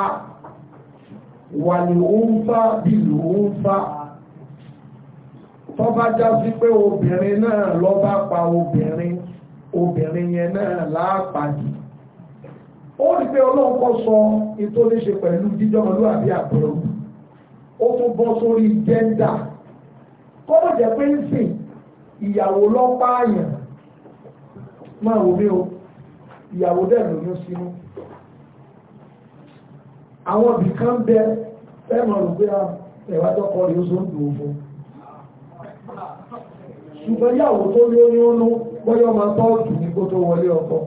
wà ní òǹfà bìlù òǹfà tó bá já sí pé obìnrin náà ló pa obìnrin obìnrin yẹn náà láàpàdì ó rí pé ọlọ́run kọ́ sọ ètò lè ṣe pẹ̀lú jíjọmọlúwàbí àbúrò ó tún bọ́ sórí gẹ́ńdà kọ́mọ̀ jẹ́ pé ń sìn ìyàwó lọ́pàáyàn máa wò mí o ìyàwó dẹ̀ lóyún sínú àwọn ibìkan bẹ fẹ́ràn rò pé ah, ẹ̀wájọ́ kọ́ rí ó sọ ń dùn fún ṣùgbọ́n ìyàwó tó lóyún ó nú bọ́yọ́ máa tọ́ọ̀tù ní kó tó wọlé ọkọ̀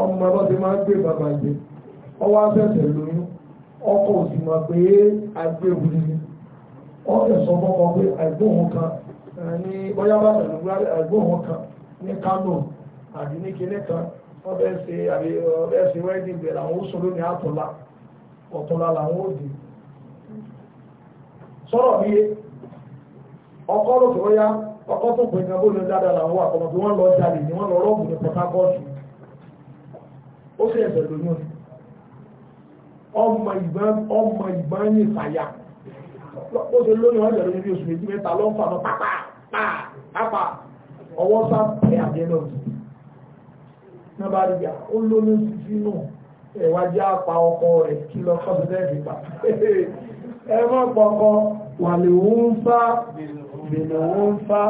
ọmọ ọlọ́ ti máa ń gbé bàbá jẹ ọwọ́ abẹ́sẹ̀ lóyún ọkọ òsì mọ̀ pé agbéwu ni ọ̀sẹ̀ sọ fọ́kọ pé àìgbóhùn kan ní bóyá bá tẹ̀lé àìgbóhùn kan ní Kánò àbí ní kinní kan ọbẹ̀ ṣe àbí ọbẹ̀ ṣe bẹ̀rẹ̀ àwọn oṣù lónìí làwọn ò dì bí tó pè ní dáadáa làwọn wọ́n ó sì ẹ̀sẹ̀ lónìí ọmọ ìbọn ọmọ ìbọn ní ìfàyà ó sì lónìí wọn jẹ̀rọ níbi oṣù méjì mẹ́ta ló ń fà mọ́ pápá pápá ọwọ́ sá pé àjẹ́ lọ sí náà bá rí bíà ó lóyún títí náà ẹ̀wá jẹ́ ọkọ rẹ̀ kí lọ kọ́ pa ẹ mọ́ pọ̀kọ wà lè ń fá bèèrè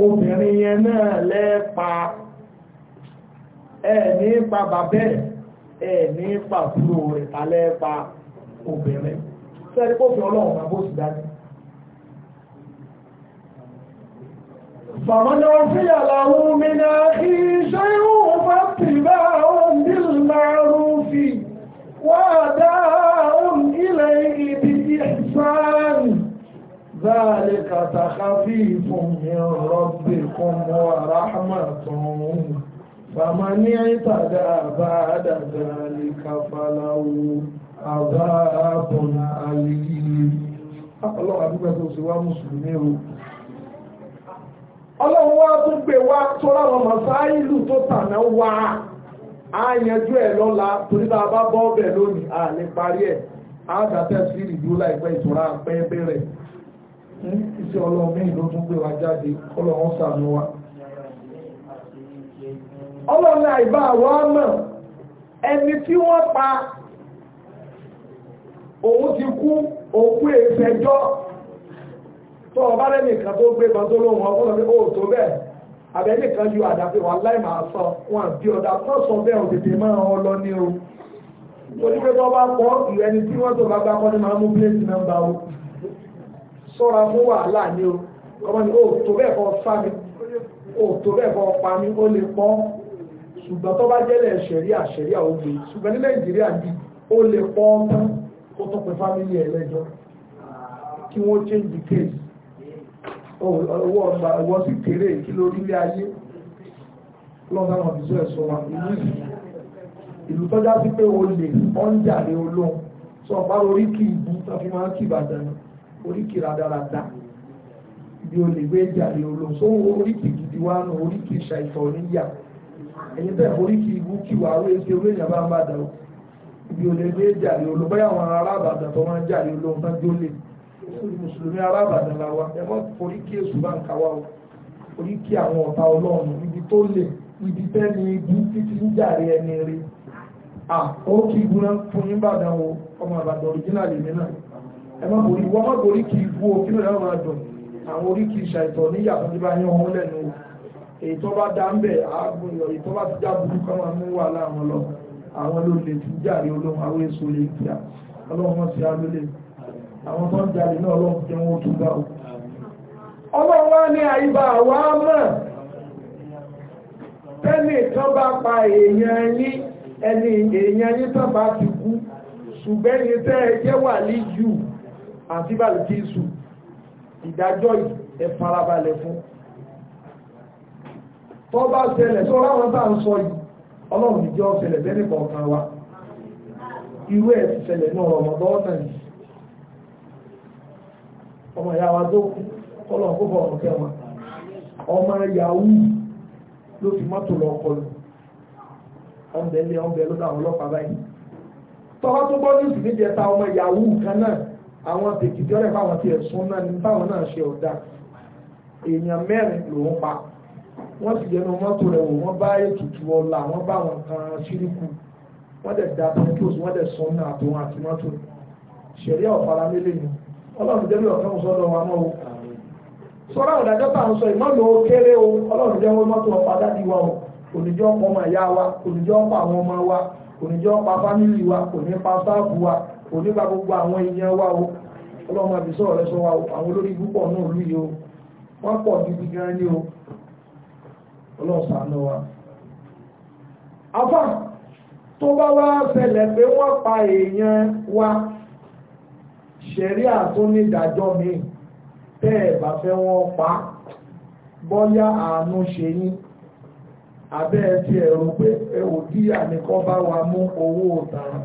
obìnrin yẹn náà lẹ́ẹ̀pa ẹ̀ẹ̀ní pa bàbẹ́ ẹ̀ẹ̀ní pa fúrò rẹ̀ tàlẹ́ pa obìnrin sẹ́rí kó fi ọlọ́run máa bó sì dání. Fàmọ́nà òfin àlàwò mi náà kí iṣẹ́ ìhùn bá ti bá bí márùn fi wá dá òun ilẹ̀ ibi tí sáàrì. ذلك تخفيف من ربكم ورحمة فمن اعتدى بعد ذلك فله عذاب أليم ọlọ́wà dúpẹ́ tó sì wá mùsùlùmí o ọlọ́run wá tó gbé wá tó láwọn màsáìlù tó tànà wá a yanjú ẹ̀ lọ́la torí bá bá bọ́ ọbẹ̀ lónìí a lè parí ẹ̀ á dàtẹ́ sí ìdú láìpẹ́ ìtura pẹ́ bẹ̀rẹ̀ iṣẹ́ ọlọ́run mí ló tún gbé wa jáde ọlọ́run ṣàánú wa ọlọ́run àìbá àwọn ọmọ ẹni tí wọ́n pa òun ti kú òkú èfẹjọ́ tó ọba lẹ́nìkan tó gbé bọ́n tó lóhun ọgbọ́n lọ ó tó bẹ́ẹ̀ abẹ́nìkan yóò àdàpẹ́ wà láì máa sọ wọn àbí ọ̀dà tó sọ bẹ́ẹ̀ ò tètè máa ọ lọ ní o torí pé tó bá pọ̀ ìrẹni tí wọ́n tó bá gbá kọ́ ní máa mú plate number o sọ́ra fún wàhálà ní o ọmọ ni ó tó bẹ́ẹ̀ kọ́ fá mi ó tó bẹ́ẹ̀ kọ́ pa mi ó lè pọ́ ṣùgbọ́n tó bá jẹ́lẹ̀ ṣẹ̀ríà ṣẹ̀ríà ó gbé ṣùgbọ́n ní nàìjíríà bí ó lè pọ́ ọmọ kó tó pe fámílì ẹlẹ́jọ́ kí wọ́n change the case owó ọgbà ẹ̀wọ́ sì kéré kí lórí ilé ayé lọ́nà àwọn ìṣó ẹ̀sọ́ wa ìlú ìlú tọ́já sí pé o lè ọ́njàre olóhùn sọ ọ̀pá oríkì ìbú tó fi máa ń kì ìbàdàn oríkì rádaràda bí o lè gbé jàre olóhùn sọ oríkì gidi wa nù oríkì ṣàìtọ̀ níyà ẹ̀yin bẹ́ẹ̀ orí kì í bú kí wàá wé ṣe orí èèyàn bá ibi ò lè gbé jàre olùbọ́ àwọn arábàdàn tó máa ń jàre olóhùn tán jó lè mùsùlùmí arábàdàn la wa ẹ̀mọ́ orí kí èṣù bá ń ka wá o orí kí àwọn ọ̀tá ibi tó lè ibi tẹ́ni ibú títí ń jàre ẹni rí à ó kí náà fún yín o ọmọ àbàdàn original èmi náà ẹ má wọ́n kí o kí lóòrán máa dùn àwọn orí kí ìṣàìtọ̀ èyí tó bá dá ń bẹ̀ àágùn lọ èyí tó bá ti já burúkú àwọn amúwà láwọn lọ àwọn ló lè tún jàre olóhùn àwọn èso lè tí a ọlọ́run wọn ti á lólè àwọn tó ń jàre náà ọlọ́run jẹ́ wọn ó tún bá o. ọlọ́run wá ní àyíbá àwa mọ̀ tẹ́nì kan bá pa èèyàn yín ẹni èèyàn yín tó bá ti kú ṣùgbẹ́ yín tẹ́ ẹ jẹ́ wà ní yù àti bàlùkí sùn ìdájọ́ ẹ̀ farabalẹ̀ fún un tó bá ṣẹlẹ̀ tó láwọn tá à ń sọ yìí ọlọ́run ìjọ ṣẹlẹ̀ bẹ́ẹ̀ kọ̀ọ̀kan wa irú ẹ̀ ti ṣẹlẹ̀ náà ọmọdé ọ̀tàn yìí ọmọ ìyá wa tó kọ́lọ̀ kó bọ̀ ọ̀rọ̀ kẹwàá ọmọ yahoo ló fi mọ́tò lọ kọlù ọmọdé ilé ọmọdé ló dáwọn ọlọ́pàá báyìí tọ́wọ́ tó gbọ́ ní ìsìn níjẹta ọmọ yahoo kan náà àwọn tèkìtì ọ̀rẹ́ fáwọn tiẹ̀ sún náà ní táwọn náà ṣe ọ̀dà èèyàn mẹ́rin lòún pa wọ́n sì yẹnu mọ́tò rẹ̀ wò wọ́n bá ètùtù ọ̀la wọ́n bá wọn kan síríkù wọ́n dẹ̀ da pẹ̀tros wọ́n dẹ̀ sọ náà àtòwọn àti mọ́tò ṣẹ̀rí ọ̀fara mélòó ni ọlọ́run jẹ́ lọ́ọ̀kan sọ́dọ̀ wa náà o sọ́ra ọ̀dájọ́ tá à ń sọ ìmọ̀lò kéré o ọlọ́run jẹ́ wọ́n mọ́tò ọ̀pá dádì wa o oníjọ́ ọ̀pọ̀ ọmọ ìyá wa oníjọ́ ọ̀pọ̀ àwọn ọmọ wa oníjọ́ ọ̀pá fámìlì wa onípa sáàbù wa onípa gbogbo àwọn èèyàn wa o ọlọ́run àbísọ̀ rẹ̀ wa o àwọn olórí púpọ̀ náà lù yìí o wọ́n pọ̀ gidi gan ni o ọlọ́sàánú wa afá tó bá wá ṣẹlẹ̀ pé wọ́n pa èèyàn wa ṣẹ̀ríà tó nídàjọ́ mi tẹ́ ẹ̀ bá fẹ́ wọ́n pa bọ́yá àánú ṣe yín abẹ́ ẹ ti ẹ̀rù pé ẹ̀wò díyà ní kọ́ bá wa mú owó ọ̀daràn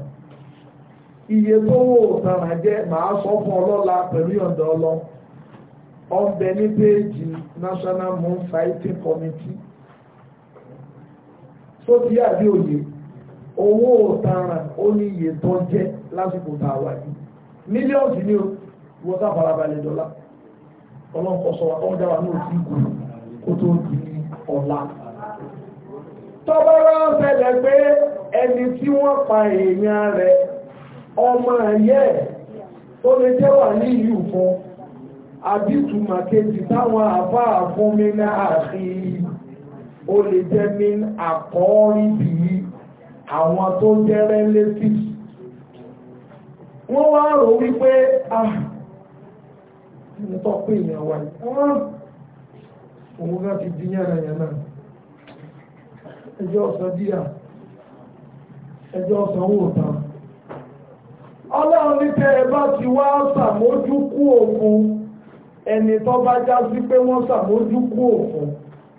iye tó wò ọ̀daràn jẹ́ màá sọ fún ọlọ́la pẹ̀lú ọ̀dọ́ ọlọ́ ọ̀bẹ ní péèjì National Moon Fighting Committee tó ti yá àbí òye owó ọ̀taràn ó ní iye tó jẹ́ lásìkò tá a wà yìí mílíọ̀nù ni ó wọ́n sá farabalẹ̀ dọ́là ọlọ́nkọ́sọ ọjà wa náà ti kù kó tó di ọ̀la. tọ́ba rán ṣẹlẹ̀ pé ẹni tí wọ́n pa èèyàn rẹ̀ ọmọ ẹ̀yẹ́ tó lè jẹ́ wà ní ìlú fún àbítùmọ̀ kejì táwọn àbá fún mi náà àfihàn ó lè jẹ́ min àkọ́ọ́rí bìí àwọn tó jẹ́ relatives wọ́n wá rò wípé ah nítọ́ pé èèyàn wà òun náà ti di yànnàyànnà ẹjọ́ ọ̀sán díà ẹjọ́ ọ̀sán wò tán ọlọ́run ní tẹ́ ẹ bá ti wá ṣàmójúkú òfin ẹni tó bá já sí pé wọ́n ṣàmójúkú òfin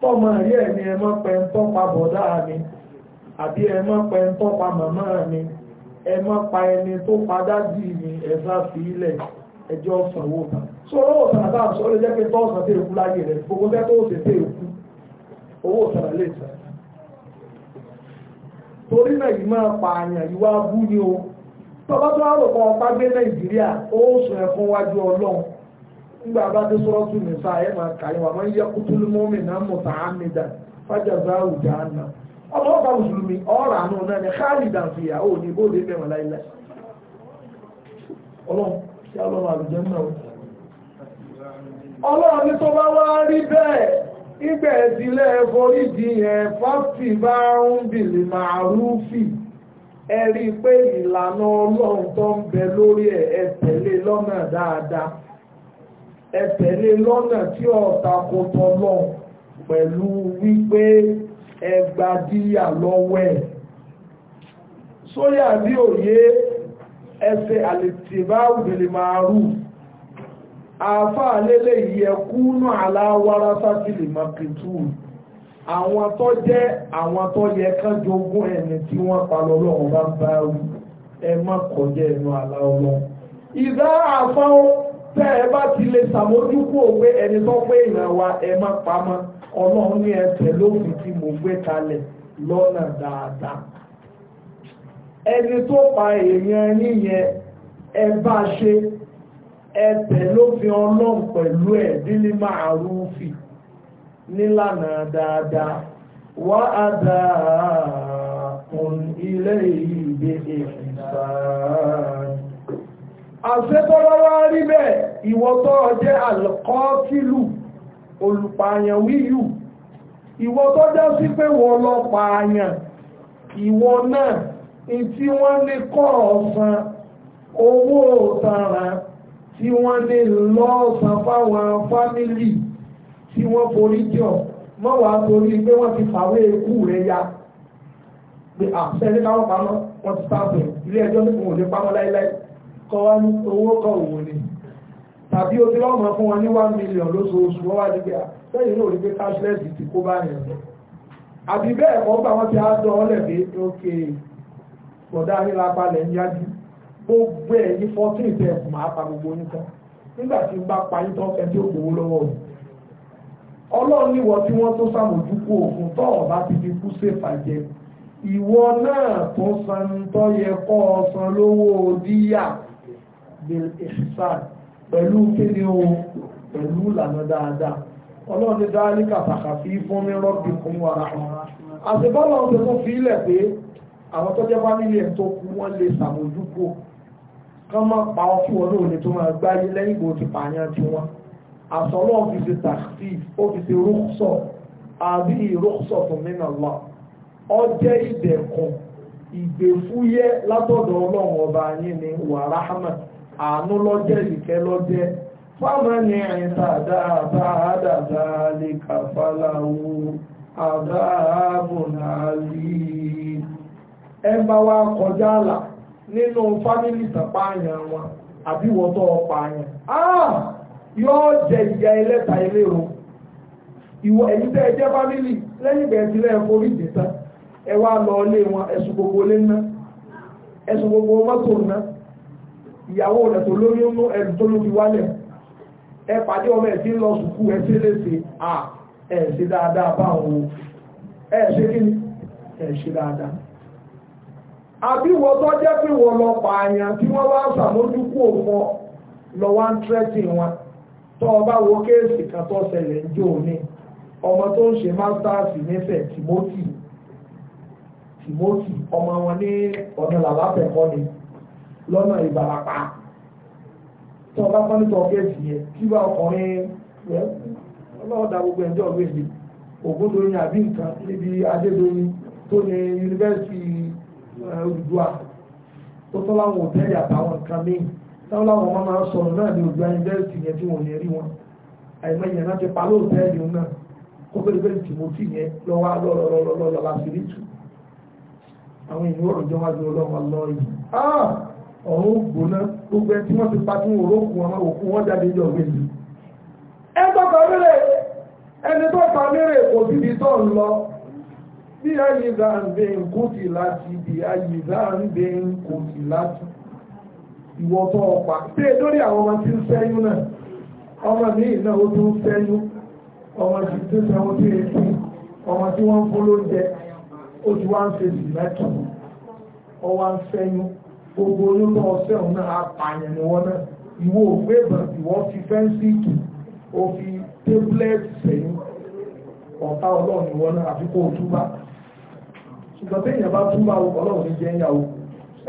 tọ́mọ rí ẹ̀mí ẹmọ́ pẹ̀ntọ́ pa bọ̀dá mi àbí ẹmọ́ pẹ̀ntọ́ pa màmá mi ẹmọ́ pa ẹni tó padà dì mí ẹ̀fà fi ilẹ̀ ẹjọ́ sanwó ta sọ̀rọ̀ òsàn àbá sọ̀rọ̀ jẹ́ pé tọ́sàn tẹ̀ èkú láyé rẹ̀ gbogbo tẹ́ tó ṣe tẹ̀ èkú owó òsàn lè sàn torí náà yìí máa pààyàn ìwà abú ni o tọ́bátọ́ àròkọ ọ̀pá gbé Nàìjíríà ó sùn ẹ̀fún wájú Ọlọ́run nígbà bá dé sọ́rọ́ tún ní sáà ẹ̀ máa kàyé wà máa ń yẹ kútúlù mọ́mì náà mọ̀ tá àmì dà fájàzá òjà àná ọmọ ọba mùsùlùmí ọ̀rọ̀ àánú náà ní káàlì dànfìyà ó ní bóde mẹ́wọ̀n láìláì ọlọ́run sí ọlọ́run àlùjẹ́ náà ọlọ́run ní tó bá wá rí bẹ́ẹ̀ ibẹ̀ ìdílé foríjì yẹn fásitì bá ń bìlì màrúfì ẹ rí i pé ìlànà ọlọ́run tó ń bẹ lórí ẹ̀ ẹ tẹ̀lé lọ́nà dáadáa ẹ tẹ̀lé lọ́nà tí ọ̀tà kò tọ́ lọ pẹ̀lú wípé ẹ gbadíyà lọ́wọ́ ẹ̀ sóyà bí òye ẹsẹ̀ àlètìbá òbèlè màárù àáfàá lélẹ̀ ìyẹkúnú aláwárá sátìlì mọ̀kìtù àwọn tó jẹ́ àwọn tó yẹ kán jogún ẹni tí wọ́n pa lọ́lọ́run bá bá ẹ má kọjá ẹnu àlá ìdá àfáwọn tẹ́ ẹ bá ti lè ṣàmójúkú pé ẹni tó pé ìran wa ẹ má pamọ́ ọlọ́run ní ẹsẹ̀ lófin tí mo gbé kalẹ̀ lọ́nà dáadáa ẹni tó pa èèyàn yíyẹn ẹ bá ṣe ẹsẹ̀ lófin ọlọ́run pẹ̀lú ẹ̀ nílí máa rúfin nílànà dáadáa wá àdá kun ilé ìgbé ìfìsàn. àṣẹ́tọ́lọ́wọ́ rí bẹ́ẹ̀ ìwọ́tọ́ jẹ́ alkọ́tílù olùpààyàn wíyù ìwọ́tọ́ já sí pé wọ́n lọ pààyàn ìwọ náà tí wọ́n ní kọ́ ọ̀sán owó tààrà tí wọ́n ní lọ́ọ̀sán fáwọn fámílì tí wọ́n forí jọ mọ́wàá torí pé wọ́n ti fàwé ikú rẹ̀ ya pé àṣẹ ní káwọn pamọ́ wọ́n ti sáàbẹ̀ ilé ẹjọ́ nípa òde pamọ́ láíláí kọ́ wá ní owó kọ̀ òun ni tàbí o ti lọ́mọ fún wọn ní one million lóṣooṣù wọ́n wá di pé sẹ́yìn náà rí pé cashless ti kó bá yẹn lọ àbí bẹ́ẹ̀ kọ́ gbà wọ́n ti á dán ọ́lẹ̀ pé ókè bọ̀dá nílá palẹ̀ ń yájú gbogbo ẹ̀ ní fourteen tẹ̀ máa pa gbogbo yín tán nígbà tí n bá pa yín tán ẹni ó lọ́wọ́ rẹ̀ ọlọ́run níwọ̀ tí wọ́n tó sàmójúkú òfin tó ọ̀bá ti fi kú ṣèfà jẹ ìwọ náà tó san tó yẹ kọ́ ọ san lówó díyà bil ihsan pẹ̀lú kíni o pẹ̀lú ìlànà dáadáa ọlọ́run ti dá alíkà sàkàfí fún mi rọ́bì fún wàrà ọ̀rá àṣebọ́lọ́ ti tún fi ilẹ̀ pé àwọn tó jẹ́ fámìlì ẹ̀ tó kú wọ́n lè ṣàmójúkò kán má pa ọ́ fún ọdún òní tó máa gbáyé lẹ́yìn ìgbò ti àánú lọ́jẹ́ ìkẹ́ lọ́jẹ́ fámánì ẹ̀ta àdáàbáàdàdà lè kàfàláwò àdáàbùnà rí ẹ bá wá kọjá àlà nínú fámílì tàpáàyàn wọn àbíwọ́tọ́ ọpààyàn ah! yóò jẹ ìyá ẹlẹ́ta ilé o ìwọ ẹ̀yìn tẹ́ ẹ jẹ́ fámílì lẹ́yìn ìgbẹ̀ẹ́ sílẹ̀ ẹ̀fọ́ orí ìdẹ́ta ẹ wá lọ ilé wọn ẹ̀sùn gbogbo lé ẹ̀sùn gbogbo mọ́tò ná ìyàwó rẹ̀ tó lórí ó mú ẹrù tó lórí wálẹ̀ ẹ pàdé ọmọ ẹ̀ tí ń lọ sùkú ẹ sí léṣe à ẹ ṣe dáadáa bá àwọn o ẹ ṣe kí ni ẹ ṣe dáadáa. àbí wọ́n tó jẹ́ pé wọ́n lọ pààyàn tí wọ́n wá ṣàmójúkú òfò lọ wá ń tírẹ́tì wọn tó ọba wo kéèsì kan tó ṣẹlẹ̀ ń jó ní ọmọ tó ń ṣe mástáàsì nífẹ̀ẹ́ Timothy Timothy ọmọ wọn ní ọ̀nà làbápẹ̀kọ́ ni. Timothy, lọ́nà ìbarapá tí wọ́n bá kọ́ nítorí ọ̀gẹ́sì yẹn kí wá ọkùnrin rẹ̀ ọlọ́ọ̀dà gbogbo ẹ̀jọ́ ọ̀gbẹ́sì ògúndóyin àbí nǹkan níbi adédọ́yìn tó ní yunifásitì Odùduwà tó tọ́ láwọn òtẹ́ẹ̀lì àtàwọn nǹkan míì táwọn láwọn ọmọ máa ń sọ̀rọ̀ náà ní Odùduwà yunifásitì yẹn tí wọ́n lè rí wọn náà ti pa lóòtẹ́ẹ̀lì náà kó yẹn ọ̀run gbóná gbogbo ẹ tí wọ́n ti patú òrókùn ọmọ òkú wọ́n jáde jọ méjì ẹ tọ́ka mẹ́rẹ̀ ẹni tó pa mẹ́rẹ̀ kò sì fi tọ́ ń lọ bí ayíza ń bẹ ń kó sí láti bí ayíza ń bẹ ń kó sí láti ìwọ tó ọpa pé lórí àwọn ọmọ tí ń ṣẹ́yún náà ọmọ mi náà ó tún ṣẹ́yún ọmọ tí tó sẹ́wọ́n tí ó ti ọmọ tí wọ́n fún lóúnjẹ ó ti wá ń ṣe sì mẹ́tọ̀ ọ wá ń ṣẹ́yún gbogbo olóòtú ọ̀sẹ̀ òun náà apààyàn ni wọ́n náà ìwọ òfé ìbọn ìwọ fi fẹ́ǹsìtì ó fi tébúlẹ̀tì sẹ́yìn ọ̀tá ọlọ́run ni wọ́n náà àfi kó o túbà ṣùgbọ́n tí èèyàn bá túbà ọlọ́run ní jẹ́ ìyàwó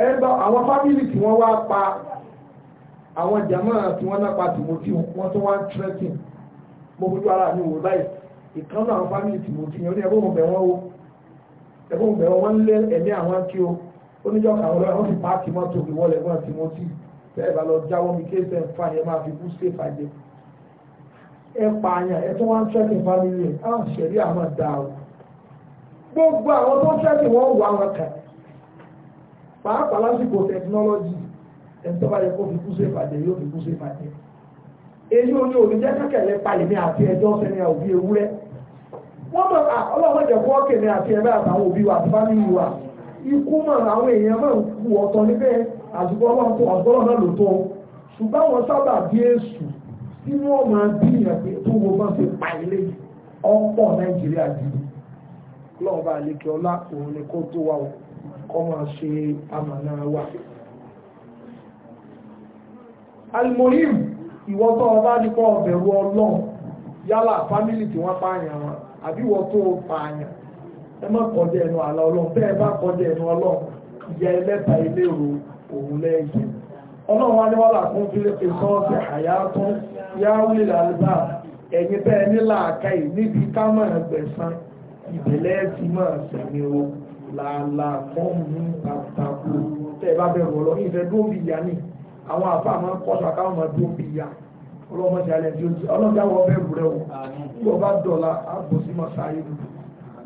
ẹ bá àwọn fámìlì tí wọ́n wá pa àwọn jàmáà tí wọ́n náà pa tìmọ́tì wọ́n tún wá ń tírẹ́tìn mo fojú ara mi wò báyìí ìkànnà àwọn fámìlì tìmọ́tì yẹn ó ní ẹgbẹ́ òun bẹ̀ wọ́n o ẹgbẹ́ òun bẹ̀ wọ́n lé ẹ̀mí àwọn kí o oníjọ́ kan lọ́wọ́ wọ́n ti páàkì mọ́tò mi wọlé wọ́n ti mọ́tì bẹ́ẹ̀ bá lọ jáwọ́ mi kéèsì ẹ̀ ń fa yẹn máa fi bú sí ìfàjẹ́ ẹ pààyàn ẹ tó wá ń tẹ́kì fámìlì ẹ̀ á ah, ṣẹ̀rí àwọn dá o gbogbo àwọn tó ń tẹ́kì wọ́n wà wọn kàn pàápàá lásìkò tẹkinọ́lọ́jì ẹ̀ tó bá yẹ kó fi bú sí ìfàjẹ́ yóò fi bú sí ìfàjẹ́ èyí ò ní òní jẹ́ kẹ́kẹ̀lẹ́ palèmí àti ẹjọ́ sẹ́ni àwòbí ewúrẹ́ wọ́n mọ̀ ah, ọlọ́run jẹ́ fọ́ọ̀kì ni àti ẹ̀rẹ́ àtàwọn òbí wa àti fámìlì wa. ikú mọ̀ àwọn èèyàn máa ń kú ọ̀tọ̀ ní pé àsìkò ọlọ́run náà ló tó ṣùgbọ́n àwọn sábà bí èṣù tí pa ilé nàìjíríà dìbò lọ́ọ̀bá àlekè ọlá òun ni kó tó wà kọ́ máa ṣe àmàna wa. alimoyim ìwọ́tọ̀ ọba nípa ọ̀bẹ̀rù ọlọ́run yálà fámìlì tí wọ́n pààyàn wọn ẹ má kọjá ẹnu àlà ọlọ́run bẹ́ẹ̀ bá kọjá ẹnu ọlọ́run ìyá ẹlẹ́ta ilé ro òun lẹ́yìn ọlọ́run wa ní wọ́n là fún fílẹ̀ fi sọ́ọ̀sì àyà tún yá wílì làlùbá ẹ̀yin bẹ́ẹ̀ ní làákà yìí níbi ká ẹgbẹ̀sán ìbẹ̀lẹ̀ ti mọ̀ sẹ̀mí o làálà fún mi pàtàkù tẹ́ ẹ bá bẹ̀rù ọlọ́run ìfẹ́ dúró bí ìyá ni àwọn àfa àmọ́ kọ́sà káwọn máa dúró bí ìyá ọlọ́mọdé alẹ́ tí ó ti ọlọ́jà wọ bẹ́ẹ̀ rẹ̀ o bí wọ́n bá dọ̀la àbòsí mọ̀ sáyé dúdú